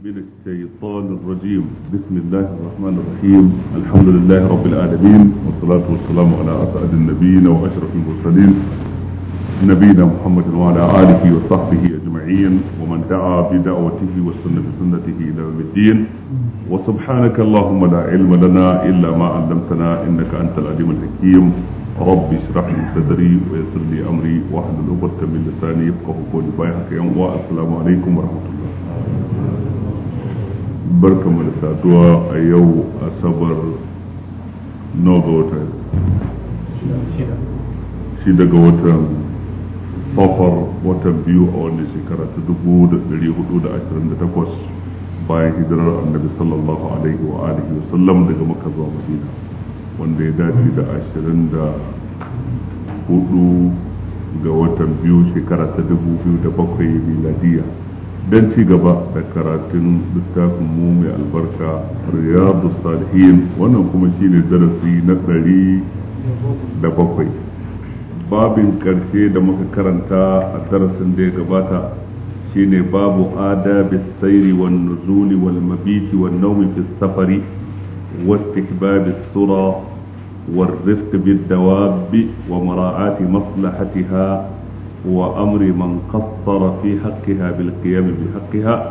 من الشيطان الرجيم بسم الله الرحمن الرحيم الحمد لله رب العالمين والصلاة والسلام على أسعد النبيين وأشرف المرسلين نبينا محمد وعلى آله وصحبه أجمعين ومن دعا بدعوته والسنة بسنته إلى يوم الدين وسبحانك اللهم لا علم لنا إلا ما علمتنا إنك أنت العليم الحكيم رب اشرح لي صدري ويسر لي أمري واحلل عقدة من لساني يفقه قولي بايعك يوم السلام عليكم ورحمة الله barka mu da saduwa a yau a sabar nawa ga wata shi daga watan safar watan biyu a wannan shekara ta dubu da dari hudu da ashirin da takwas bayan hijirar annabi sallallahu alaihi wa alihi wa sallam daga maka zuwa madina wanda ya dace da ashirin da hudu ga watan biyu shekara ta dubu biyu da bakwai miladiya don ci gaba da karatun littafin mu mai albarka riyadu salihin wannan kuma shine darasi na ɗari da bakwai babin ƙarshe da muka karanta a darasin da ya gabata shine babu adabi sairi wan nuzuli wal mabiti wa nawmi fi safari واستحباب السرى والرفق بالدواب ومراعاة مصلحتها wa amri mankabta rafi hafiya bilkiyami fi hafiya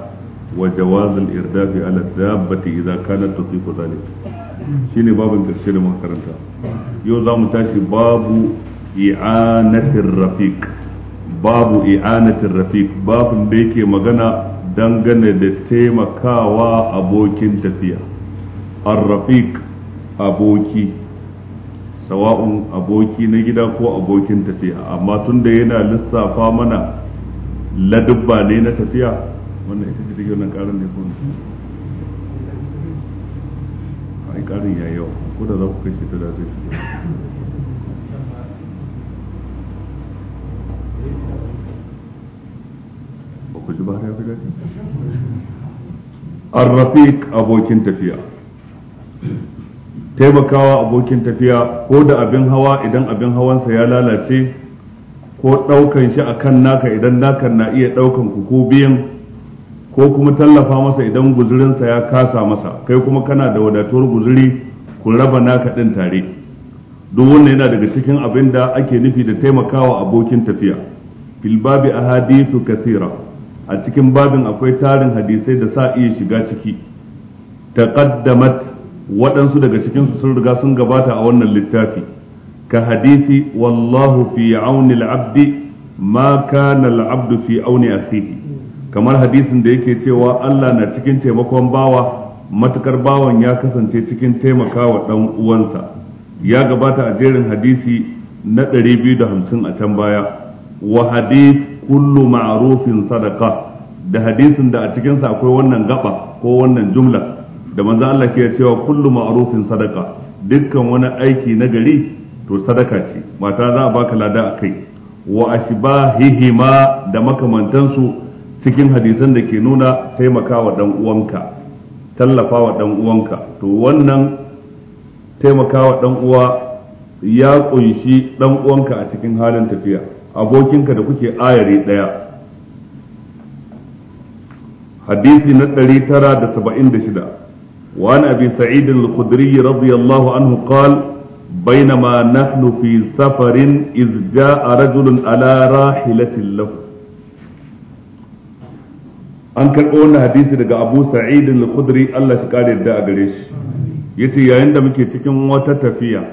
wajawazal yarda fi aladda bati idan kanadu tafi ta fadadin shine babin da shi ne masarinta yau zamu tashi babu iya canakin rafik babu iya canakin rafik babu da yake magana dangane da taimakawa abokin tafiya harafik aboki. sawa'un aboki na gida ko abokin tafiya amma tun da yana lissafa mana ladubba ne na tafiya wannan ita ce take wannan karin ne ko ai karin ya yau ko da za ku kashe ta da zai fi ba ku ji ba ya fi daɗi الرفيق abokin tafiya. taimakawa abokin tafiya ko da abin hawa idan abin hawansa ya lalace ko ɗaukan shi a kan naka idan naka na iya ɗaukan ku ko biyan ko kuma tallafa masa idan guzurinsa ya kasa masa kai kuma kana da wadatuwar guzuri ku raba naka ɗin tare duk wannan yana daga cikin abin da ake nufi da taimakawa abokin tafiya filbabi a ahadithu kasira a cikin babin akwai tarin hadisai da sa iya shiga ciki taqaddamat waɗansu daga cikinsu sun riga sun gabata a wannan littafi ka hadisi wallahu fi auni al-abdi ma kana al-abdu fi auni akhihi kamar hadisin da yake cewa Allah na cikin taimakon bawa matukar bawan ya kasance cikin taimakawa dan uwansa ya gabata a jerin hadisi na 250 a can baya wa hadis kullu ma'rufin sadaqa da hadisin da a cikinsa akwai wannan gaba ko wannan jumla da manzo Allah ke cewa kullu ma'rufin sadaka dukkan wani aiki na gari to sadaka ce mata za a baka lada a kai wa ma da su cikin hadisan da ke nuna taimakawa dan uwanka tallafawa dan uwanka to wannan taimakawa dan uwa ya kunshi dan uwanka a cikin halin tafiya abokinka da kuke ayari daya hadisi na 976 وعن أبي سعيد الخدري رضي الله عنه قال بينما نحن في سفر إذ جاء رجل على راحلة له an karɓo wannan hadisi daga abu sa'id al-khudri Allah shi kare yadda a gare shi yace yayin da muke cikin wata tafiya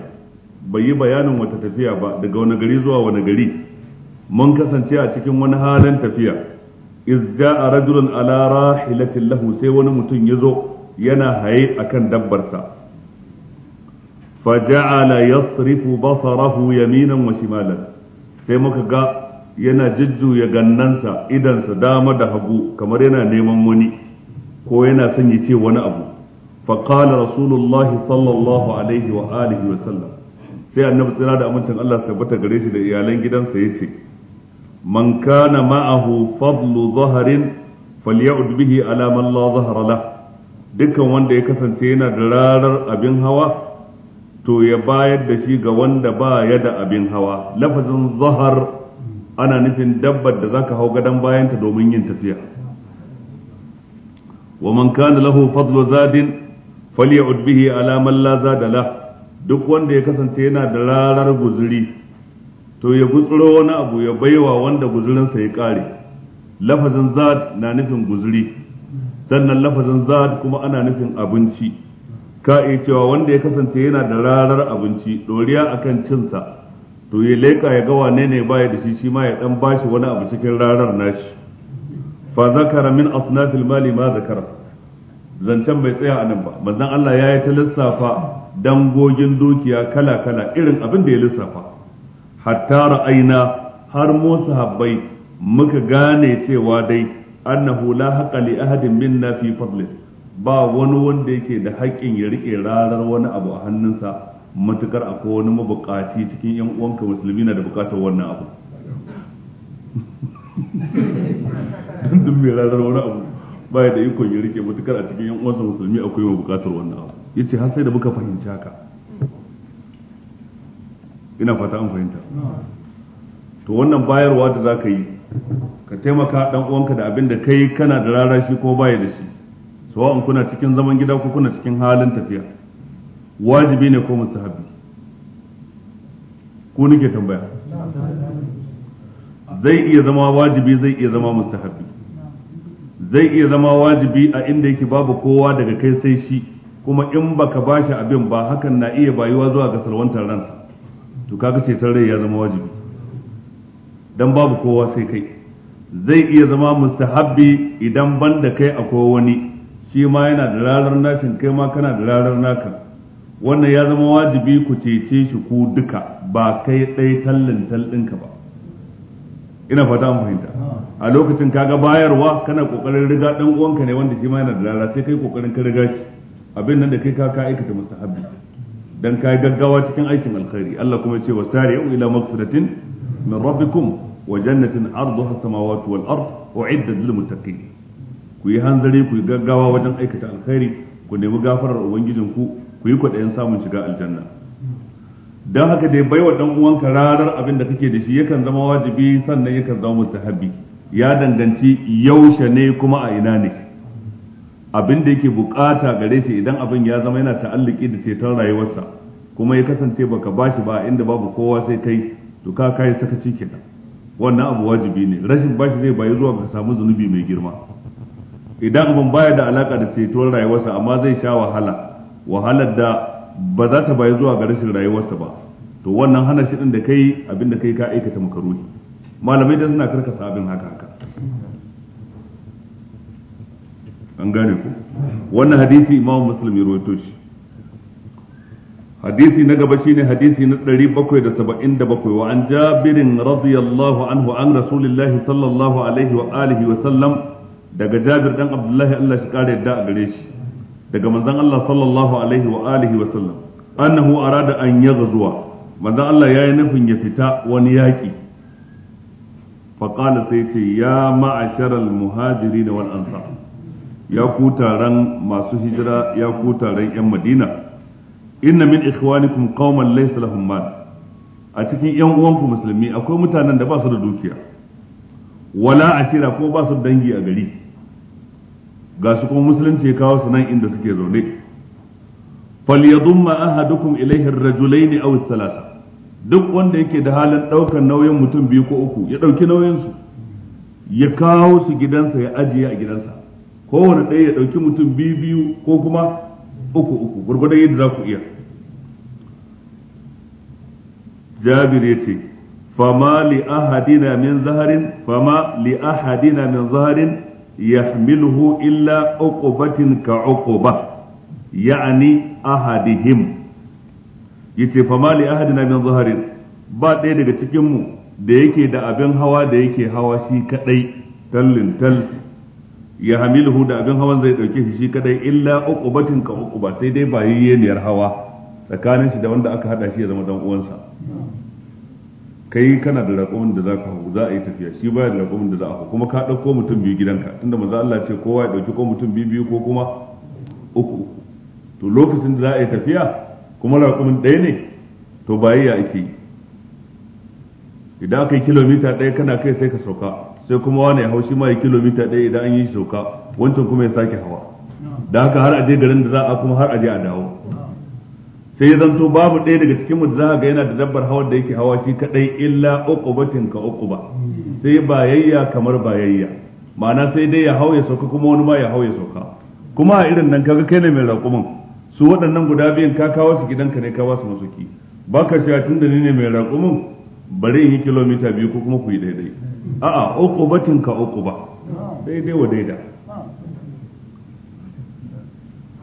bai yi bayanin wata tafiya ba daga wani gari zuwa wani gari mun kasance a cikin wani halin tafiya iz ja'a rajulun ala rahilatin lahu sai wani mutum ya zo yana haye akan dabbarsa faja'ala yasrifu basarahu yaminan wa shimalan sai muka ga yana jujjuya gannansa idansa dama da hagu kamar yana neman wani ko yana son ya ce wani abu faqala rasulullahi sallallahu alaihi wa alihi wa sallam sai annabi tsira da amincin Allah tabbata gare shi da iyalan gidansa yace man kana ma'ahu fadlu dhahrin faly'ud bihi ala man la dhahra lahu dukkan wanda ya kasance yana da rarar abin hawa to ya bayar da shi ga wanda ba ya da abin hawa lafazin zahar ana nufin dabbar da zaka hau gadon bayanta domin yin tafiya wa man kana lahu fadlu zadin faly'ud bihi ala man la zadala duk wanda ya kasance yana da rarar guzuri to ya gutsuro wani abu ya baiwa wanda guzurinsa ya kare lafazin zad na nufin guzuri sannan lafazin zad kuma ana nufin abinci ka iya cewa wanda ya kasance yana da rarar abinci doriya akan cinsa to ya leka ya ga wane ne baya da shi shi ma ya dan bashi wani abu cikin rarar nashi fa zakara min asnafil mali ma zakara zancen bai tsaya anan ba manzon Allah ya yi ta lissafa dangogin dukiya kala kala irin abin da ya lissafa hatta ra'aina har mu sahabbai muka gane cewa dai annahu la haqa li ahadin minna fi fadlihi ba wani wanda yake da haƙƙin ya rike rarar wani abu a hannunsa matukar akwai wani mabukaci cikin yan uwanka musulmi na da bukatar wannan abu dun mai rarar wani abu ya da ikon ya rike matukar a cikin yan uwansa musulmi akwai bukatar wannan abu yace har sai da muka fahimci haka ina fata an fahimta to wannan bayarwa da zaka yi ka taimaka dan uwanka da abin da kai kana da rarashi ko baya da shi sawa'un kuna cikin zaman gida ko kuna cikin halin tafiya wajibi ne ko mustahabi ko nake tambaya zai iya zama wajibi zai iya zama mustahabi zai iya zama wajibi a inda yake babu kowa daga kai sai shi kuma in baka bashi abin ba hakan na iya bayuwa zuwa ga salwantar ransa to kaga ce rai ya zama wajibi dan babu kowa sai kai zai iya zama mustahabbi idan ban da kai akwai wani shi ma yana da rarar nashin kai ma kana da rarar naka wannan ya zama wajibi ku cece shi ku duka ba kai ɗai tallin tallinka ba ina fata an fahimta a lokacin kaga bayarwa kana kokarin riga dan uwanka ne wanda shi ma yana da rara sai kai kokarin ka riga shi abin nan da kai ka ka aikata mustahabbi dan kai gaggawa cikin aikin alkhairi Allah kuma ya ce wasari'u ila maghfiratin min rabbikum وجنة عرضها السماوات والأرض أعدت للمتقين كوي هانزري كوي غاوا وجن aikata الخير كوي نمو غافر وانجدنكو كوي كوي kwaɗayin samun shiga aljanna dan haka dai baiwa dan uwanka ranar abin da kake da shi yakan zama wajibi sannan yakan zama mustahabi ya danganci yaushe ne kuma a ina ne abin da yake bukata gare shi idan abin ya zama yana ta'alluki da ceton rayuwarsa kuma ya kasance baka bashi ba inda babu kowa sai kai to ka kai sakaci kenan wannan abu wajibi ne rashin bashi zai bayi zuwa ga samu zunubi mai girma idan abin baya da alaka da ceton rayuwarsa amma zai sha wahala wahalar da ba za ta bayi zuwa ga rashin rayuwarsa ba to wannan hana shi din da kai abinda kai ka aikata makaruhi malamai da suna karka abin haka haka an gane ku wannan hadisi imamu muslim ya rawaito shi hadisi na gaba shine hadisi na 777 wa an jabirin radiyallahu an rasulillahi sallallahu alaihi wa wa sallam daga jabir ɗan abdullahi Allah shi kare yadda a gare shi daga manzon Allah sallallahu alaihi wa alihi wa sallam annahu arada an yaghzuwa manzon Allah yayi nufin ya fita wani yaƙi fa qala sai ce ya ma'asharal muhajirin wal ansar ya ku masu hijira ya ku yan madina inna min ikhwanikum qauman laysa lahum mal a cikin yan uwanku musulmi akwai mutanen da ba su da dukiya wala ashira ko ba su dangi a gari ga su kuma musulunci ya kawo su nan inda suke zaune falyadumma ahadukum ilayhi ar-rajulayn aw ath-thalatha duk wanda yake da halin daukar nauyin mutum biyu ko uku ya dauki nauyin su ya kawo su gidansa ya ajiye a gidansa kowane ɗaya ya dauki mutum biyu biyu ko kuma uku uku gurgurdan yadda za ku iya jabir ya ce fama li ahadina min zaharin fama li ahadina min zaharin yahmiluhu illa uqubatin ka uquba ya'ani ahadihim yace fama li ahadina min zaharin ba ɗaya daga cikinmu da yake da abin hawa da yake hawa shi kadai tallin tal ya hamilu da abin hawan zai dauke shi shi kadai illa uqubatin ka uquba sai dai ba yayyeniyar hawa tsakanin shi da wanda aka hada shi ya zama dan uwansa kai kana da raƙumin da zaka hau za a yi tafiya shi baya da raƙumin da za a hau kuma ka dauko mutum biyu gidanka tunda manzo Allah ce kowa ya dauki ko mutum biyu biyu ko kuma uku to lokacin da za a yi tafiya kuma raƙumin ɗaya ne to bayayya ake yi idan aka yi kilomita ɗaya kana kai sai ka sauka sai kuma wani ya haushi ma ya kilomita ɗaya idan an yi sauka wancan kuma ya sake hawa da haka har a je garin da za a kuma har a je a dawo sai ya zanto babu ɗaya daga cikin da za ga yana da dabbar hawa da yake hawa shi kaɗai illa uqubatin ka uquba sai bayayya kamar bayayya ma'ana sai dai ya hau ya sauka kuma wani ma ya hau ya sauka kuma a irin nan kaga kai ne mai raƙumin su waɗannan guda biyan ka kawo su gidanka ne ka ba su masuki ka shi tun da ni ne mai raƙumin bari in yi kilomita biyu ko kuma ku yi daidai a'a uqubatin ka uquba Ya dai wadaida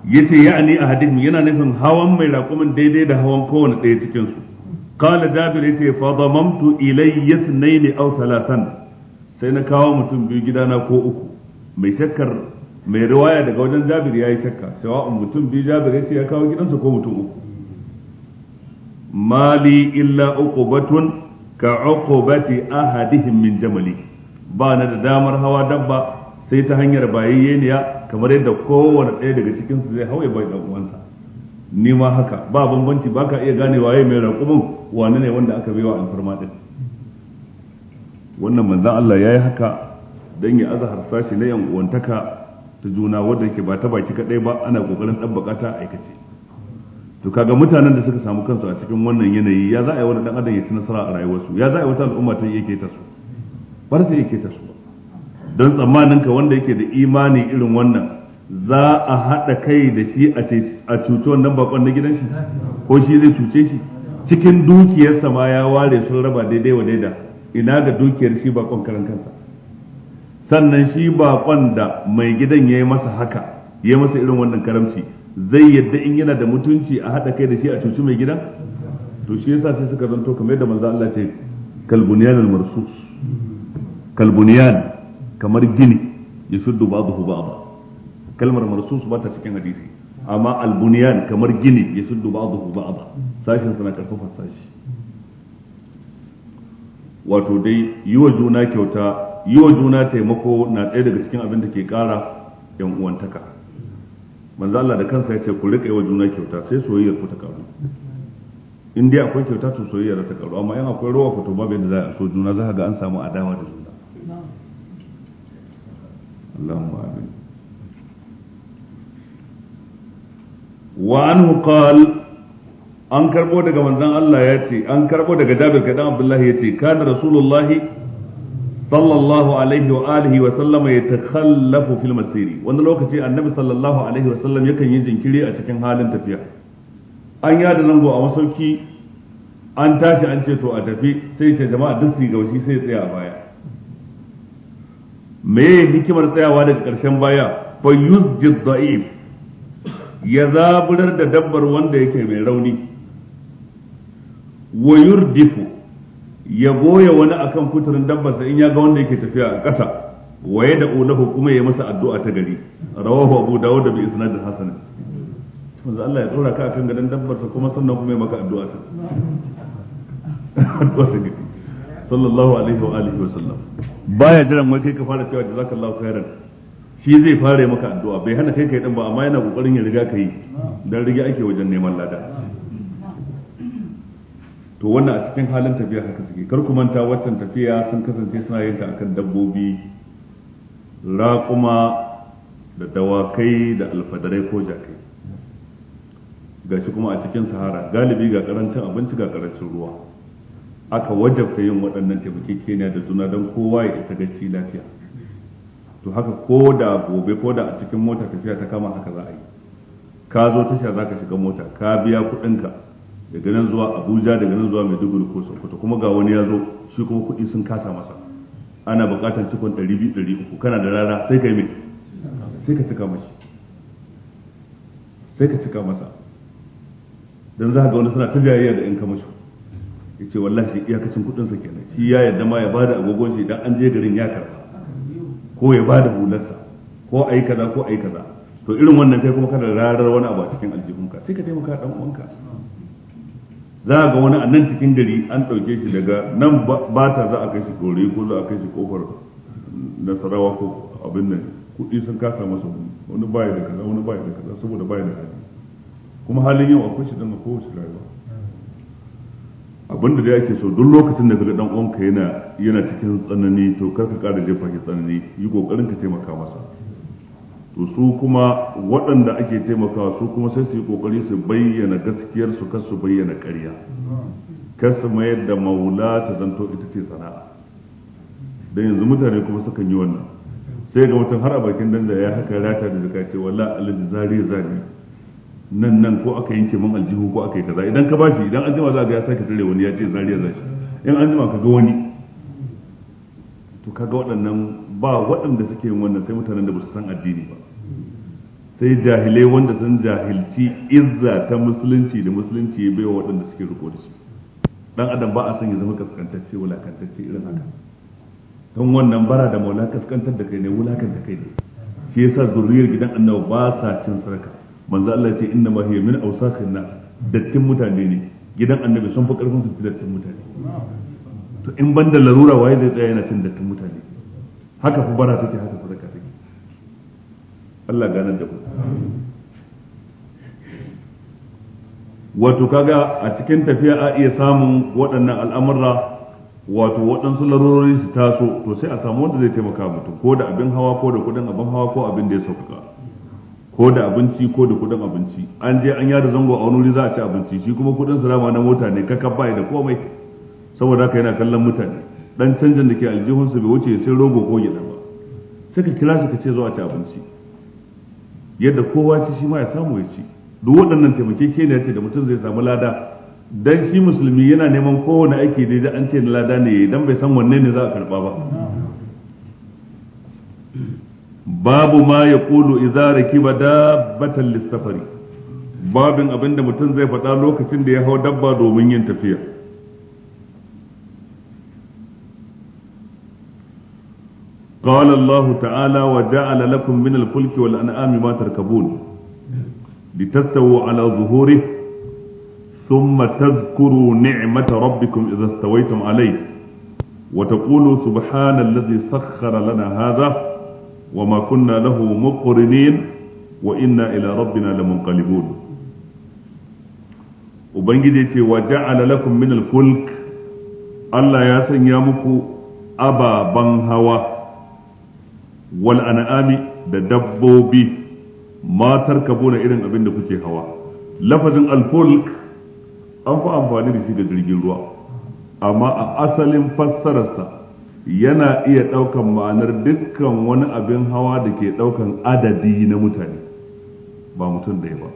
yace ya'ni ahadin yana nufin hawan mai raƙumin daidai da hawan kowane ɗaya cikin su qala jabir yace fa damamtu ilayya ithnayn aw thalathan sai na kawo mutum biyu gidana ko uku mai shakkar mai riwaya daga wajen jabir yayi shakka sawa'un mutum biyu jabir yace ya kawo gidansa ko mutum uku mali illa uqubatun ka uqubati ahadihim min jamali ba na da damar hawa dabba sai ta hanyar ya kamar yadda kowane ɗaya daga cikin su zai hawaye bai dan uwansa ni ma haka ba bambanci baka iya gane waye mai raƙumin wane ne wanda aka baiwa alfarma din wannan manzon Allah yayi haka dan ya azhar sashi na yan uwantaka ta juna wanda ke ba ta baki kadai ba ana kokarin dabbaka ta aikace to kaga mutanen da suka samu kansu a cikin wannan yanayi ya za a yi wani dan adam ya ci nasara a rayuwarsu ya za a yi wata al'umma ta yake ta su ba ta yake ta su don tsammanin ka wanda yake da imani irin wannan za a haɗa kai da shi a cuci wannan bakon na gidan shi ko shi zai cuce shi cikin dukiyarsa ma ya ware sun raba daidai wa daida ina ga dukiyar shi bakon karan kansa sannan shi bakon da mai gidan ya yi masa haka ya yi masa irin wannan karamci zai yadda in yana da mutunci a haɗa kai da shi a cuci mai gidan to shi yasa sai suka zanto kamar yadda manzo Allah ce kalbuniyan al-marsus kalbuniyan kamar gini ya shuddu ba'dahu ba'da kalmar marsus ba ta cikin hadisi amma albuniyan kamar gini ya shuddu ba'dahu ba'da sashin suna karfafa sashi wato dai yi wa juna kyauta yi wa juna taimako na ɗaya daga cikin abin da ke ƙara yan uwantaka manzo Allah da kansa ya ce ku rika yi wa juna kyauta sai soyayyar ku ta karu in dai akwai kyauta to soyayya ta karu amma in akwai rawa ku to babu yadda za a so juna za ga an samu adawa da juna Allahumma amin wa anhu qala an karbo daga manzon Allah ya ce an karbo daga Jabir kadan Abdullahi ya ce kana Rasulullahi sallallahu alaihi wa alihi wa sallama ya takhallafu fil masiri wani lokaci annabi sallallahu alaihi wa sallam yakan yi jinkiri a cikin halin tafiya an yada zango a masauki an tashi an ce to a tafi sai ce jama'a duk su gaushi sai tsaya a baya me hikimar tsayawa daga karshen baya fa yusjid da'if ya zaburar da dabbar wanda yake mai rauni wa yurdifu ya goya wani akan kuturin dabbarsa in ya ga wanda yake tafiya a ƙasa waye da ulahu kuma ya masa addu'a ta gari rawahu abu dawud da bi isnadin hasan manzo Allah ya tsora ka akan gadan dabbarsa kuma sannan kuma ya maka addu'a ta sallallahu alaihi wa alihi wa sallam baya jiran wai kai ka fara cewa jazakallahu khairan shi zai fara maka addu'a bai hana kai kai dan ba amma yana kokarin ya riga kai dan riga ake wajen neman lada to wannan a cikin halin tafiya haka suke kar ku manta waccan tafiya sun kasance suna yin ta akan dabbobi raƙuma da dawakai da alfadarai ko jakai Ga shi kuma a cikin sahara galibi ga karancin abinci ga karancin ruwa aka wajabta yin waɗannan kenya da juna don kowa ya isa gaci lafiya to haka ko da gobe ko da a cikin mota tafiya ta kama haka za a yi ka zo tasha za ka shiga mota ka biya kuɗinka daga nan zuwa abuja daga nan zuwa maiduguri ko sokoto kuma ga wani ya zo shi kuma kuɗi sun kasa masa ana buƙatar cikon ɗari biyu ɗari uku kana da rana sai ka yi mai sai ka cika mashi sai ka cika masa don za ga wani suna ta jayayya da ka kamasho ya ce wallahi shi iyakacin kuɗinsa kenan shi ya yadda ma ya da agogon shi idan an je garin ya karɓa ko ya bada hularsa ko a yi kaza ko a yi kaza to irin wannan kai kuma kana rarar wani abu a cikin aljihunka sai ka taimaka ɗan uwanka za ga wani a nan cikin gari an ɗauke shi daga nan ba ta za a kai shi kore ko za a kai shi kofar nasarawa ko abin nan kuɗi sun kasa masa wani baya da kaza wani baya da kaza saboda baya da hali kuma halin yau akwai shi dan a kowace rayuwa abin da dai ake so duk lokacin da ga dan uwanka yana yana cikin tsanani to kar ka ƙara jefa shi tsanani yi ƙoƙarin ka taimaka masa to su kuma waɗanda ake taimakawa su kuma sai su yi kokari su bayyana gaskiyar su kar su bayyana ƙarya kar su mayar da maula ta zanto ita ce sana'a da yanzu mutane kuma sukan yi wannan sai ga mutum har a bakin danda ya haka rata da zaka ce wala alaji zari zari nan nan ko aka yanke min aljihu ko aka yi kaza idan ka bashi idan anjima za ga ya sake tare wani ya ce zari ya zashi in anjima ka ga wani to kaga waɗannan ba waɗanda suke yin wannan sai mutanen da ba su san addini ba sai jahilai wanda sun jahilci izza ta musulunci da musulunci ya baiwa waɗanda suke riko da shi dan adam ba a son ya zama kaskantacce wulakantacce irin haka don wannan bara da maula kaskantar da kai ne wulakanta kai ne shi yasa zuriyar gidan annabi ba sa cin sarka manzo Allah ya ce inna ma hiya min awsakin na? dattin mutane ne gidan annabi sun fi karfin su dattin mutane to in banda larura waye zai tsaya yana cin dattin mutane haka fa bara take haka Allah ganar da ku wato kaga a cikin tafiya a iya samun waɗannan al'amurra wato waɗansu larurori su taso to sai a samu wanda zai taimaka mutum ko da abin hawa ko da kudin abin hawa ko abin da ya sauka ko da abinci ko da kudin abinci an je an yada zango a wani za a ci abinci shi kuma kudin sirama na mota ne kaka bai da komai saboda haka yana kallon mutane dan canjin da ke aljihunsu bai wuce sai rogo ko gida ba sai ka kira su ka ce zo a ci abinci yadda kowa ci shi ma ya samu ya ci duk waɗannan ke ce da mutum zai samu lada dan shi musulmi yana neman kowane aiki dai da an ce na lada ne idan bai san wanne ne za a karɓa ba babu ma ya kulu idza rakiba dabbatan lissafari babin abinda mutum zai faɗa lokacin da ya hau dabba domin yin tafiya قال الله تعالى وجعل لكم من الفلك والأنعام ما تركبون لتستووا على ظهوره ثم تذكروا نعمة ربكم إذا استويتم عليه وتقولوا سبحان الذي سخر لنا هذا وما كنا له مقرنين وإنا إلى ربنا لمنقلبون وبنجي وجعل لكم من الفلك الله يا سن يا مكو أبا بن هواه wal an'ami da dabbobi matar ma na irin abin da kuke hawa lafazin al-fulk an fi amfani da shi ga jirgin ruwa amma a asalin fassararsa yana iya ɗaukan ma'anar dukkan wani abin hawa da ke ɗaukan adadi na mutane ba mutum ɗaya ba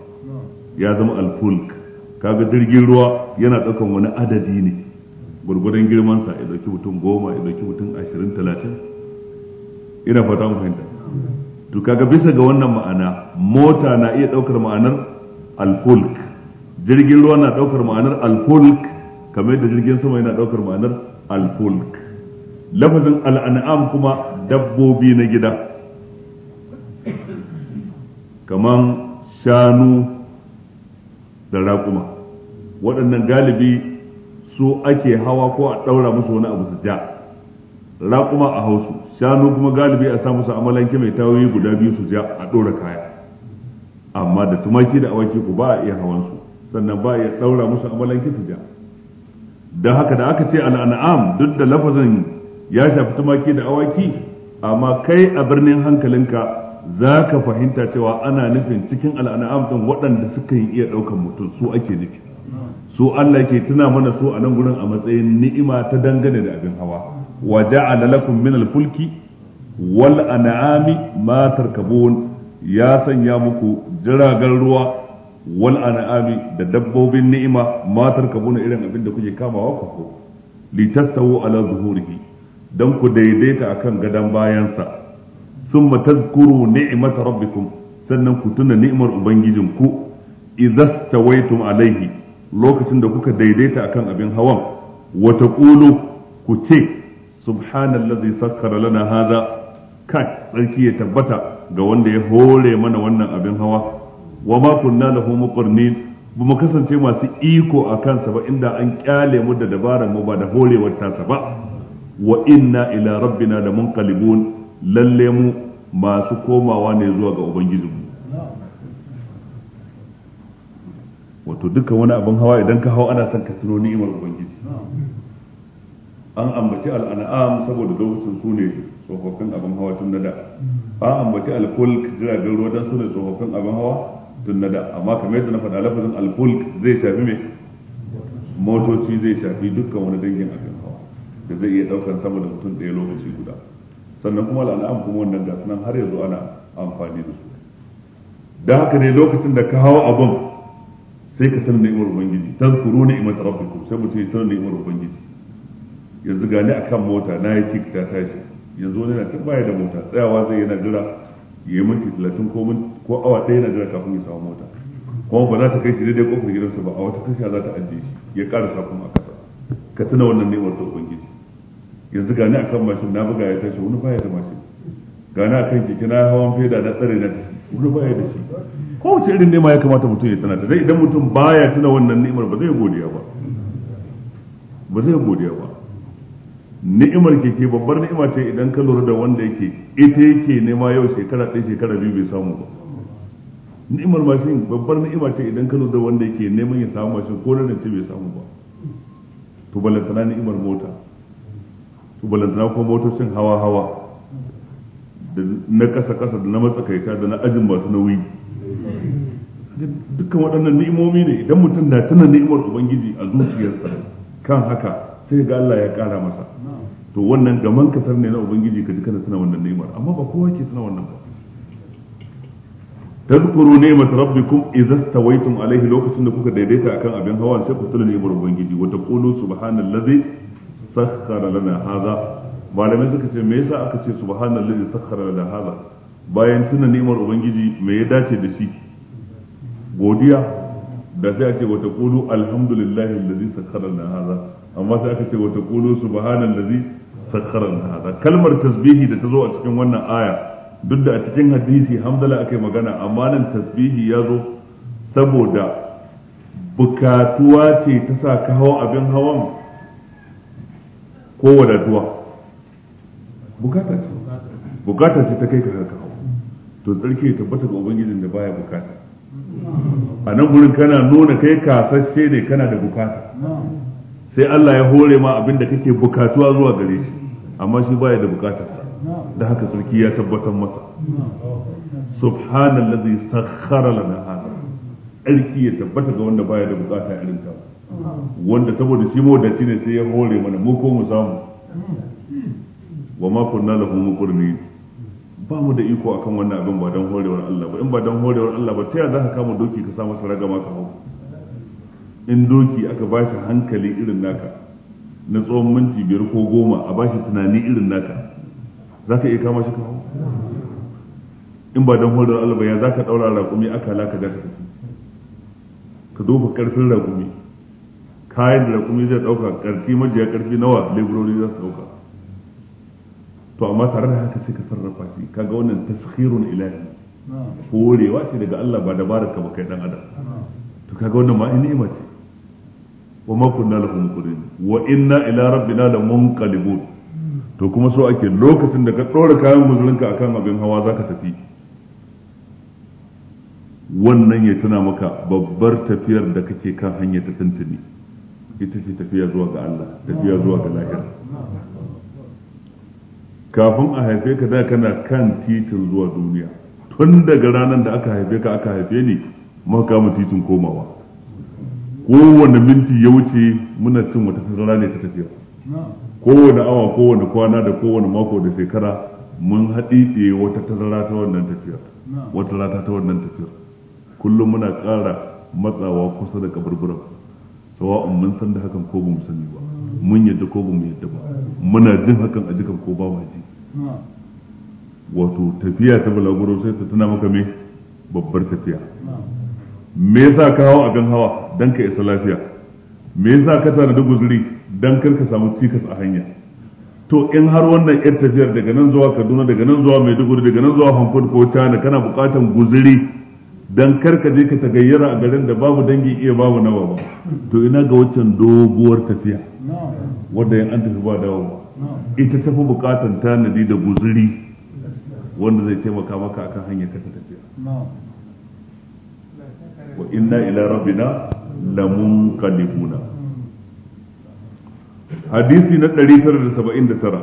ya zama alfulk kaga jirgin ruwa yana ɗaukan wani adadi ne gwargwadon girmansa ya ɗauki mutum goma ya ɗauki mutum ashirin talatin ina fata mu fahimta to kaga bisa ga wannan ma'ana mota na iya daukar ma'anar alfulk jirgin ruwa na daukar ma'anar alfulk kamar yadda jirgin sama yana daukar ma'anar alfulk lafazin al'an'am kuma dabbobi na gida kaman shanu da raƙuma waɗannan galibi su ake hawa ko a ɗaura musu wani abu su ja raƙuma a hausu shanu kuma galibi a sa musu amalanke mai tawayi guda biyu su ja a ɗora kaya amma da tumaki da awaki ku ba a iya hawan su sannan ba a iya ɗaura musu amalanke su ja don haka da aka ce al'an'am duk da lafazin ya shafi tumaki da awaki amma kai a birnin hankalinka za ka fahimta cewa ana nufin cikin al'an'am ɗin waɗanda suka yi iya ɗaukan mutum su ake nufi su Allah ke tuna mana su a nan gurin a matsayin ni'ima ta dangane da abin hawa Waje a lakum min al-fulki wal an'ami ma tarkabun ya sanya muku jiragen ruwa wal an'ami da dabbobin ni'ima ma tarkabun irin abin da kuke kamawa ku ko litastawu ala zuhurihi dan ku daidaita akan gadan bayansa summa tazkuru ni'mata rabbikum sannan ku tuna ni'imar ku, idza stawaitum alaihi lokacin da kuka daidaita akan abin hawan wa taqulu ku ce subhanallazi sakkara lana haza kai tsarki ya tabbata ga wanda ya hore mana wannan abin hawa wa ma kunna lahu muqrinin ba mu kasance masu iko a kansa ba inda an kyale mu da dabaran mu ba da horewar tasa ba wa inna ila rabbina da munqalibun lalle mu masu komawa ne zuwa ga ubangijinmu wato dukkan wani abin hawa idan ka hau ana son ka tuno ni'imar ubangiji an ambaci al'an'am saboda lokacin su ne tsofaffin abin hawa tun na da hmm. an ambaci alfulk jiragen ruwa don su ne tsofaffin abin hawa tun na da amma kamar yadda na faɗa lafazin alfulk zai shafi mai motoci zai shafi dukkan wani dangin abin hawa da zai iya ɗaukar sama da mutum ɗaya lokaci guda sannan kuma al'an'am kuma wannan ga sunan har yanzu ana amfani da su da haka ne lokacin da ka hawa abin sai ka san imar ubangiji tazkuru ni'mat rabbikum sai mutum ya san imar ubangiji yanzu gani akan mota na yi tik ta tashi yanzu wani na tik baya da mota tsayawa zai yana jira ya yi minti talatin ko ko awa ɗaya yana jira kafin ya samu mota kuma ba za ta kai shi daidai kofar gidansa ba a wata tasha za ta ajiye shi ya ƙarasa kuma a ƙasa ka tuna wannan nemar ta ubangiji yanzu gani akan mashin na buga ya tashi wani baya da mashin gani akan keke na hawan feda na tsare na wani baya da shi kowace irin nema ya kamata mutum ya tana ta dai idan mutum baya tuna wannan nemar ba zai godiya ba ba zai godiya ba ni'imar keke babbar ni'ima ce idan ka lura da wanda yake ita yake nema yau shekara ɗaya shekara biyu bai samu ba ni'imar mashin babbar ni'ima ce idan ka lura da wanda yake neman ya samu mashin ko da ce bai samu ba to balantana ni'imar mota to balantana ko motocin hawa hawa da na kasa kasa da na matsakaita da na ajin masu nauyi dukkan waɗannan ni'imomi ne idan mutum na tana ni'imar ubangiji a zuciyarsa kan haka sai ga Allah ya ƙara masa to wannan gaman kasar ne na ubangiji ka ji kana suna wannan ni'imar amma ba kowa ke suna wannan ba tadkuru ni'mat rabbikum idza stawaytum alayhi lokacin da kuka daidaita akan abin hawa sai ku tuna ni'imar ubangiji wa taqulu subhanallazi sakhkhara lana hadha malamai suka ce me yasa aka ce subhanallazi sakhkhara lana hadha bayan tuna ni'imar ubangiji me ya dace da shi godiya da sai a ce wa taqulu alhamdulillahi allazi sakhkhara lana hadha amma sai aka ce wa kulu subhanan lazi lana hada kalmar tasbihi da ta zo a cikin wannan aya duk da a cikin hadisi hamdala yi magana amma nan tasbihi ya zo saboda bukatuwa ce ta sa ka hawa abin hawan ko wadatuwa bukata ce bukata ce ta kai ka haka to tsarki ya tabbata ga ubangijin da baya bukata a nan gurin kana nuna kai kasashe ne kana da bukata sai Allah ya hore ma abin da kake bukatuwa zuwa gare shi amma shi baya da sa da haka sarki ya tabbatar masa subhanallazi sakhkhara lana hada alki ya tabbata ga wanda baya da bukata irin ta wanda saboda shi da ne sai ya hore mana mu ko mu samu wa ma kunna lahu muqrinin ba mu da iko akan wannan abin ba dan horewar Allah ba in ba dan horewar Allah ba ta yaya zaka kama doki ka samu saraga ma ka hau in doki aka ba shi hankali irin naka na tsawon minti biyar ko goma a ba shi tunani irin naka za ka iya kama shi kawo in ba don horar alba ya za ka ɗaura raƙumi aka laka da ka ka dofa ƙarfin raƙumi kayan da raƙumi zai ɗauka ƙarfi majiya ƙarfi nawa laborori za su ɗauka to amma tare da haka sai ka sarrafa shi kaga wannan taskhirun ilahi horewa ce daga Allah ba dabarar ka ba kai dan adam to kaga wannan ma ni'ima ce wa ma kunna lahu muqrinin wa inna ila rabbina lamunqalibun to kuma so ake lokacin da ka dora kayan muzurinka akan abin hawa zaka tafi wannan ya tuna maka babbar tafiyar da kake kan hanya ta tuntuni ita ce tafiya zuwa ga Allah tafiya zuwa ga lahira kafin a haife ka da kana kan titin zuwa duniya tun daga ranar da aka haife ka aka haife ni muka kama titin komawa kowane minti ya wuce muna cin wata sarara ne ta tafiya kowane awa kowane kwana da kowane mako da shekara mun haɗiɗe wata tazara ta wannan tafiya wata rata ta wannan tafiyar kullum muna ƙara matsawa kusa da kaburburan sawa'un mun san da hakan ko ba mu sani ba mun yadda ko ba mu yadda ba muna jin hakan a jikan ko ba mu ji wato tafiya ta balaguro sai ta tana maka me babbar tafiya me yasa ka hawa abin hawa dan ka isa lafiya me yasa ka tana da guzuri dan kar ka samu cikas a hanya to in har wannan yar tafiyar daga nan zuwa Kaduna daga nan zuwa Maiduguri daga nan zuwa Hankun ko China kana bukatan guzuri dan kar ka je ka tagayyara a garin da babu dangi iya babu nawa ba to ina ga waccan doguwar tafiya wanda yan an tafi ba dawo ita tafi bukatan tanadi da guzuri wanda zai taimaka maka akan hanyar ka tafiya wa inna ila rabbina lamunqalibuna hadisi na 179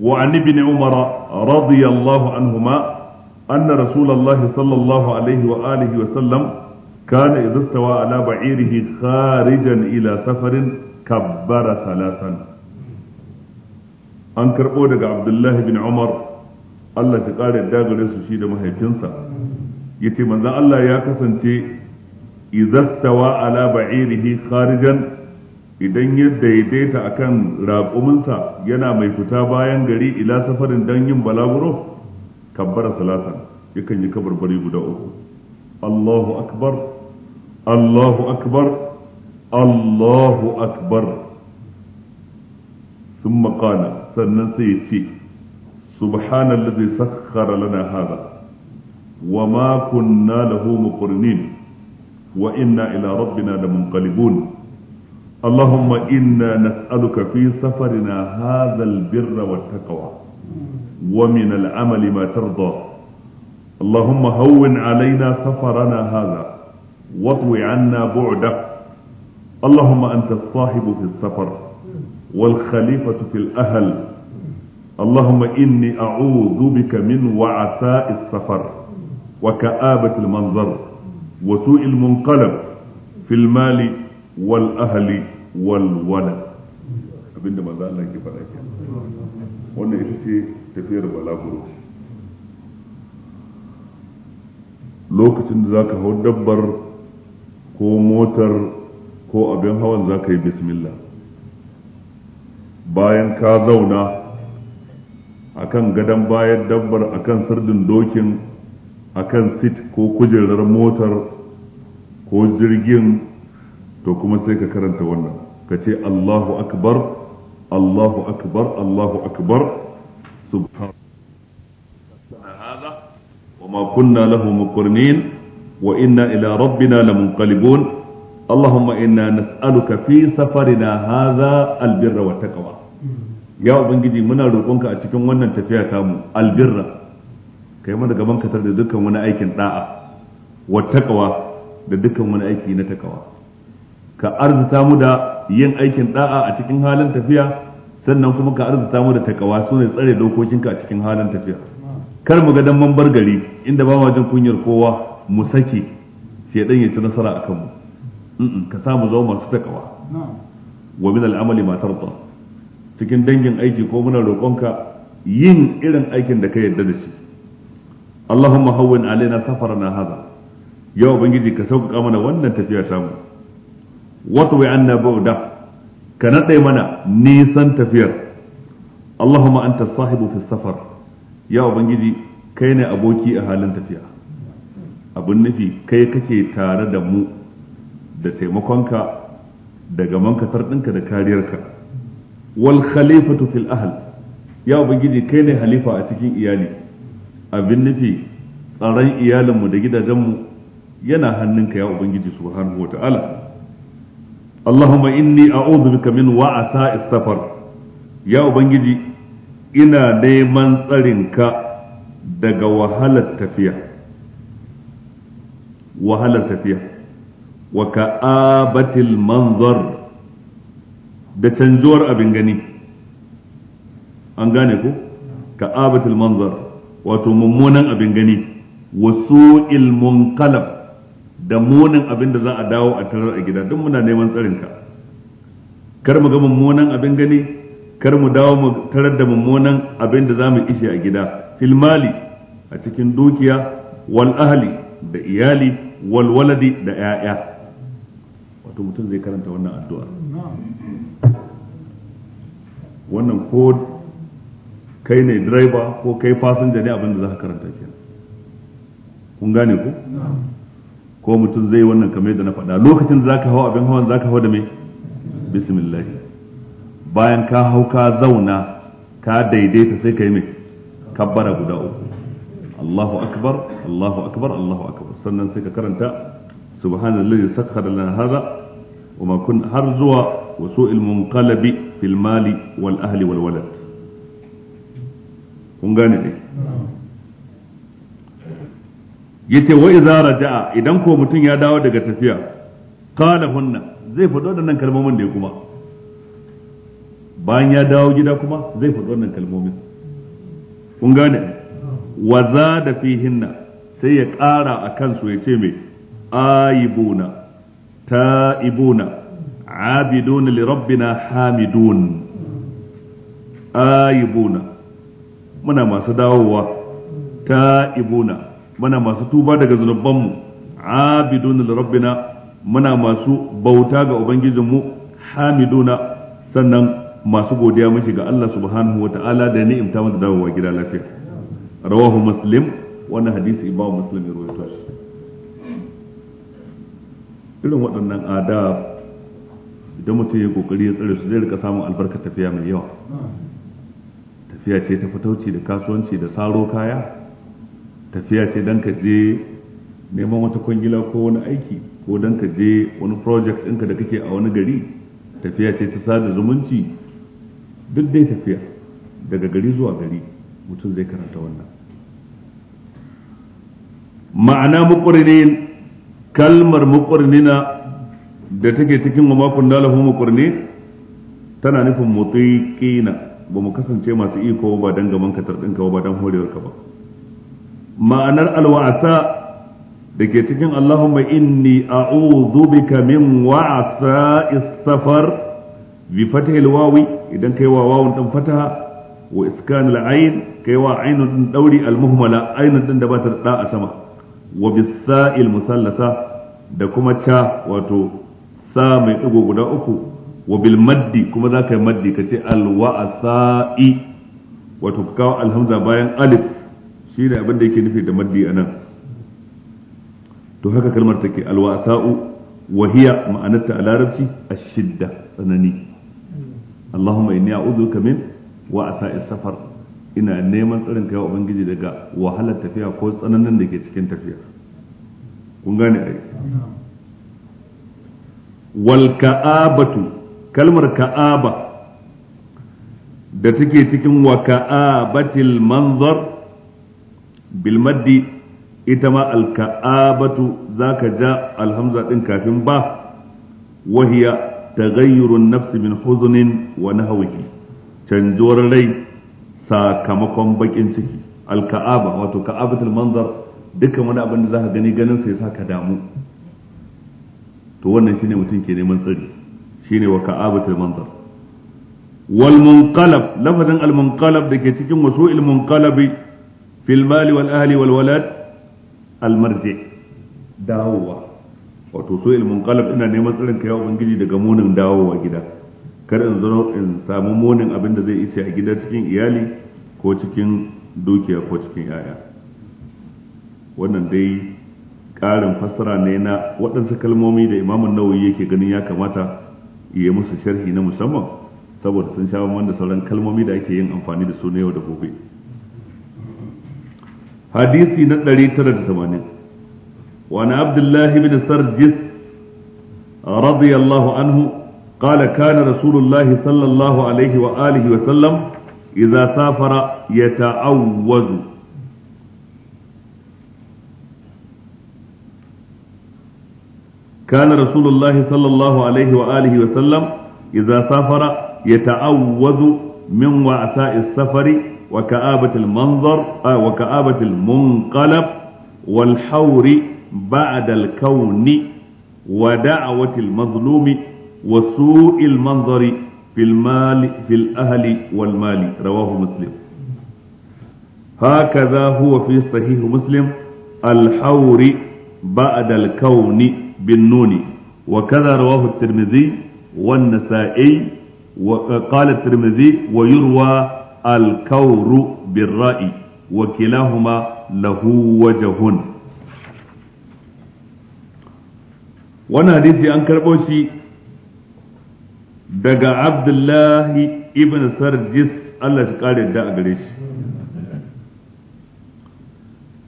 wa an ibn umara radiyallahu anhuma anna rasulallahi sallallahu alayhi wa alihi wa sallam kana idza stawa ala ba'irihi karijan ila safarin kabbara salatan an karbo daga abdullahi bin umar Allah ta kare dagare su shi da mahaifinsa yace manzon Allah ya kasance izastawa ala ba'irihi kharijan idan ya daidaita akan raƙuminsa yana mai fita bayan gari ila safarin don yin balaguro kabbara salatan yakan yi kabarbari guda uku Allahu akbar Allahu akbar Allahu akbar sun maƙana sannan sai ya ce subhanallazi sakhkhara lana hadha وما كنا له مقرنين وإنا إلى ربنا لمنقلبون اللهم إنا نسألك في سفرنا هذا البر والتقوى ومن العمل ما ترضى اللهم هون علينا سفرنا هذا واطو عنا بعده اللهم أنت الصاحب في السفر والخليفة في الأهل اللهم إني أعوذ بك من وعثاء السفر وكآبة المنظر وسوء المنقلب في المال والأهل والولد abinda manzo Allah ke faɗa ke wannan ita ce tafiyar balaguro lokacin da zaka hau dabbar ko motar ko abin hawan zaka yi bismillah bayan ka zauna akan gadon bayan dabbar akan sardin dokin akan sit ko kujerar motar ko jirgin to kuma sai ka karanta wannan ka ce Allahu akbar Allahu akbar Allahu akbar subhanahu wa ma kunna lahu muqrinin wa inna ila rabbina lamunqalibun اللهم إنا نسألك في سفرنا هذا البر والتقوى يا أبنجي منا روكونك أتكون ونن تفيا تامو البر kai mana gaban katar da dukkan wani aikin da'a wa takawa da dukkan wani aiki na takawa. ka arzuta mu da yin aikin da'a a cikin halin tafiya sannan kuma ka arzuta mu da takawa suna tsare dokokinka a cikin halin tafiya kar mu ga dan mambar gari inda ba ma jin kunyar kowa mu sake sai ya ci nasara akan mu ka sa mu zama masu takawa wa min al'amali ma tarda cikin dangin aiki ko muna roƙonka yin irin aikin da ka yarda da shi Allahumma hawwin alaina na hadha ya ubangiji ka sauƙaƙa mana wannan tafiya samu wata wai anna bauda ka naɗe mana nisan tafiyar Allahumma anta sahibu fi safar ya ubangiji kai ne aboki a halin tafiya abin nufi kai kake tare da mu da taimakonka da gamankatar ɗinka da kariyarka wal khalifatu fil ahl ya ubangiji kai ne halifa a cikin iyali abin nufi tsaron iyalinmu da gidajenmu yana hannunka ya ubangiji subhanahu wa ta'ala Allahumma inni a'udhu bika min wa'asa safar ya ubangiji ina neman tsarinka daga wahalar tafiya wahalar tafiya wa ka'abatil manzar da canzuwar abin gani an gane ko ka'abatil manzar wato mummunan abin gani wasu ilmun kalab da munin abin da za a dawo a tarar a gida duk muna neman tsarinka kar mu ga mummunan abin gani kar mu dawo mu tarar da mummunan abin da za mu ishe a gida filmali a cikin dukiya wal ahli da iyali wal waladi da 'ya'ya wato mutum zai karanta wannan addu'a wannan ko kai ne direba ko kai fasinja ne abin da za ka karanta ke kun gane ku ko mutum zai wannan kamar yadda na faɗa lokacin da za ka hau abin hawan za ka hau da mai bismillah bayan ka hau ka zauna ka daidaita sai ka yi mai kabbara guda uku Allahu akbar Allahu akbar Allahu akbar sannan sai ka karanta subhanallahi sakhkhara lana hadha wa ma kun har zuwa wasu ilmin munqalabi fil mali wal ahli wal walad kun gane ne yace wa idza raja'a idan ko mutum ya dawo daga tafiya qala hunna zai faɗo nan kalmomin da ya kuma bayan ya dawo gida kuma zai faɗo nan kalmomin kun gane wa zada fihinna sai ya ƙara a kansu ya ce mai ayibuna ta'ibuna abiduna lirabbina hamidun aibuna muna masu dawowa ta ta'ibuna muna masu tuba daga zunubanmu abiduna lirabbina muna masu bauta ga ubangijinmu hamiduna sannan masu godiya miki ga Allah subhanahu wa ta'ala da ni'imta mu da dawowa gida lafiya rawahu muslim wannan hadisi ibawa muslim ya shi irin waɗannan adab idan mutum ya kokari ya tsare su zai rika samun albarka tafiya mai yawa tafiya ce ta fitauci da kasuwanci da saro kaya tafiya ce don ka je neman wata kwangila ko wani aiki ko don ka je wani project ɗinka da kake a wani gari tafiya ce ta sada zumunci duk dai tafiya daga gari zuwa gari mutum zai karanta wannan ma'ana muƙurnin kalmar muƙurnina da take cikin wa makon dalahu muƙurni tana nufin mutuƙina ba mu kasance masu iko ba dan gaban katar ɗinka ba dan horewarka ba ma'anar alwasa da ke cikin Allahumma inni a'udhu bika min wa'asa safar bi fatih alwawi idan kai wa wawun dan fataha wa iskan al'ain kai wa ainun din dauri almuhmala ainun din da ba ta da a sama wa bisa'il musallasa da kuma ca wato sa mai digo guda uku wa maddi kuma za ka yi maddi ka ce alwa'asa'i wato kawo alhamza bayan alif shi ne abin da yake nufi da maddi a nan to haka kalmar take alwa'asa'u wa ma'anarta a larabci ashidda tsanani Allahumma inni ka min wa'asa'i safar ina neman tsarin kai wa ubangiji daga wahalar tafiya ko tsananin da ke cikin tafiya kun gane ai wal ka'abatu kalmar ka'aba da take cikin wa ka'abatil manzar bil maddi ita ma al ka'abatu zaka ja alhamza ɗin din kafin ba wahiya taghayyurun nafsi min huzunin wa nahwihi canjuwar rai sakamakon bakin ciki al ka'aba wato ka'abatul manzar dukkan wani abin da zaka gani ganin sai saka damu to wannan shine mutum ke neman tsari shine wa ka'abatul manzar wal munqalab lafazin al munqalab dake cikin wasu'il munqalabi fil mali wal ahli wal walad al marji dawowa wato so ilmin qalab ina neman tsarin kai ubangiji daga munin dawowa gida kar in zo in samu munin abin da zai isa a gida cikin iyali ko cikin dukiya ko cikin yaya wannan dai karin fassara ne na waɗansu kalmomi da imamun nawawi yake ganin ya kamata ya musu sharhi na musamman saboda sun sha wanda sauran kalmomi da ake yin amfani da su na yau da gobe hadisi na 980 wa na abdullahi bin sarjis radiyallahu anhu قال كان رسول الله صلى الله عليه وآله وسلم إذا سافر يتعوذ كان رسول الله صلى الله عليه وآله وسلم إذا سافر يتعوذ من وعثاء السفر وكآبة المنظر آه وكآبة المنقلب والحور بعد الكون ودعوة المظلوم وسوء المنظر في المال في الأهل والمال رواه مسلم هكذا هو في صحيح مسلم الحور بعد الكون بالنون وكذا رواه الترمذي والنسائي وقال الترمذي ويروى الكور بالراء وكلاهما له وجه wannan hadisi an karɓo shi daga abdullahi ibn sarjis Allah shi yadda a gare shi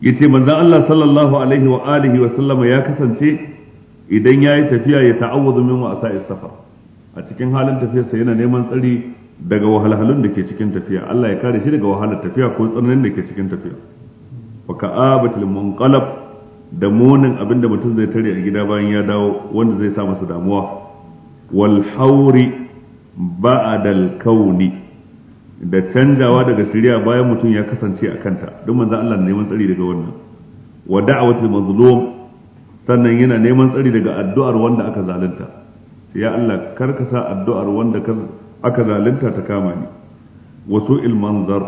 yace manzon Allah sallallahu alaihi wa alihi wa sallama ya kasance idan ya yi tafiya ya ta'awwazu min wa asa'i safar a cikin halin tafiyarsa yana neman tsari daga wahalhalun da ke cikin tafiya Allah ya kare shi daga wahalar tafiya ko tsananin da ke cikin tafiya wa ka'abatil munqalab da munin abin da mutum zai tare a gida bayan ya dawo wanda zai sa masa damuwa wal hauri ba'dal kauni da canjawa daga shirya bayan mutum ya kasance a kanta duk manzo Allah neman tsari daga wannan wa da'watul mazlum sannan yana neman tsari daga addu'ar wanda aka zalunta ya Allah kar ka sa addu'ar wanda aka zalunta ta kama ni Wasu ilmazar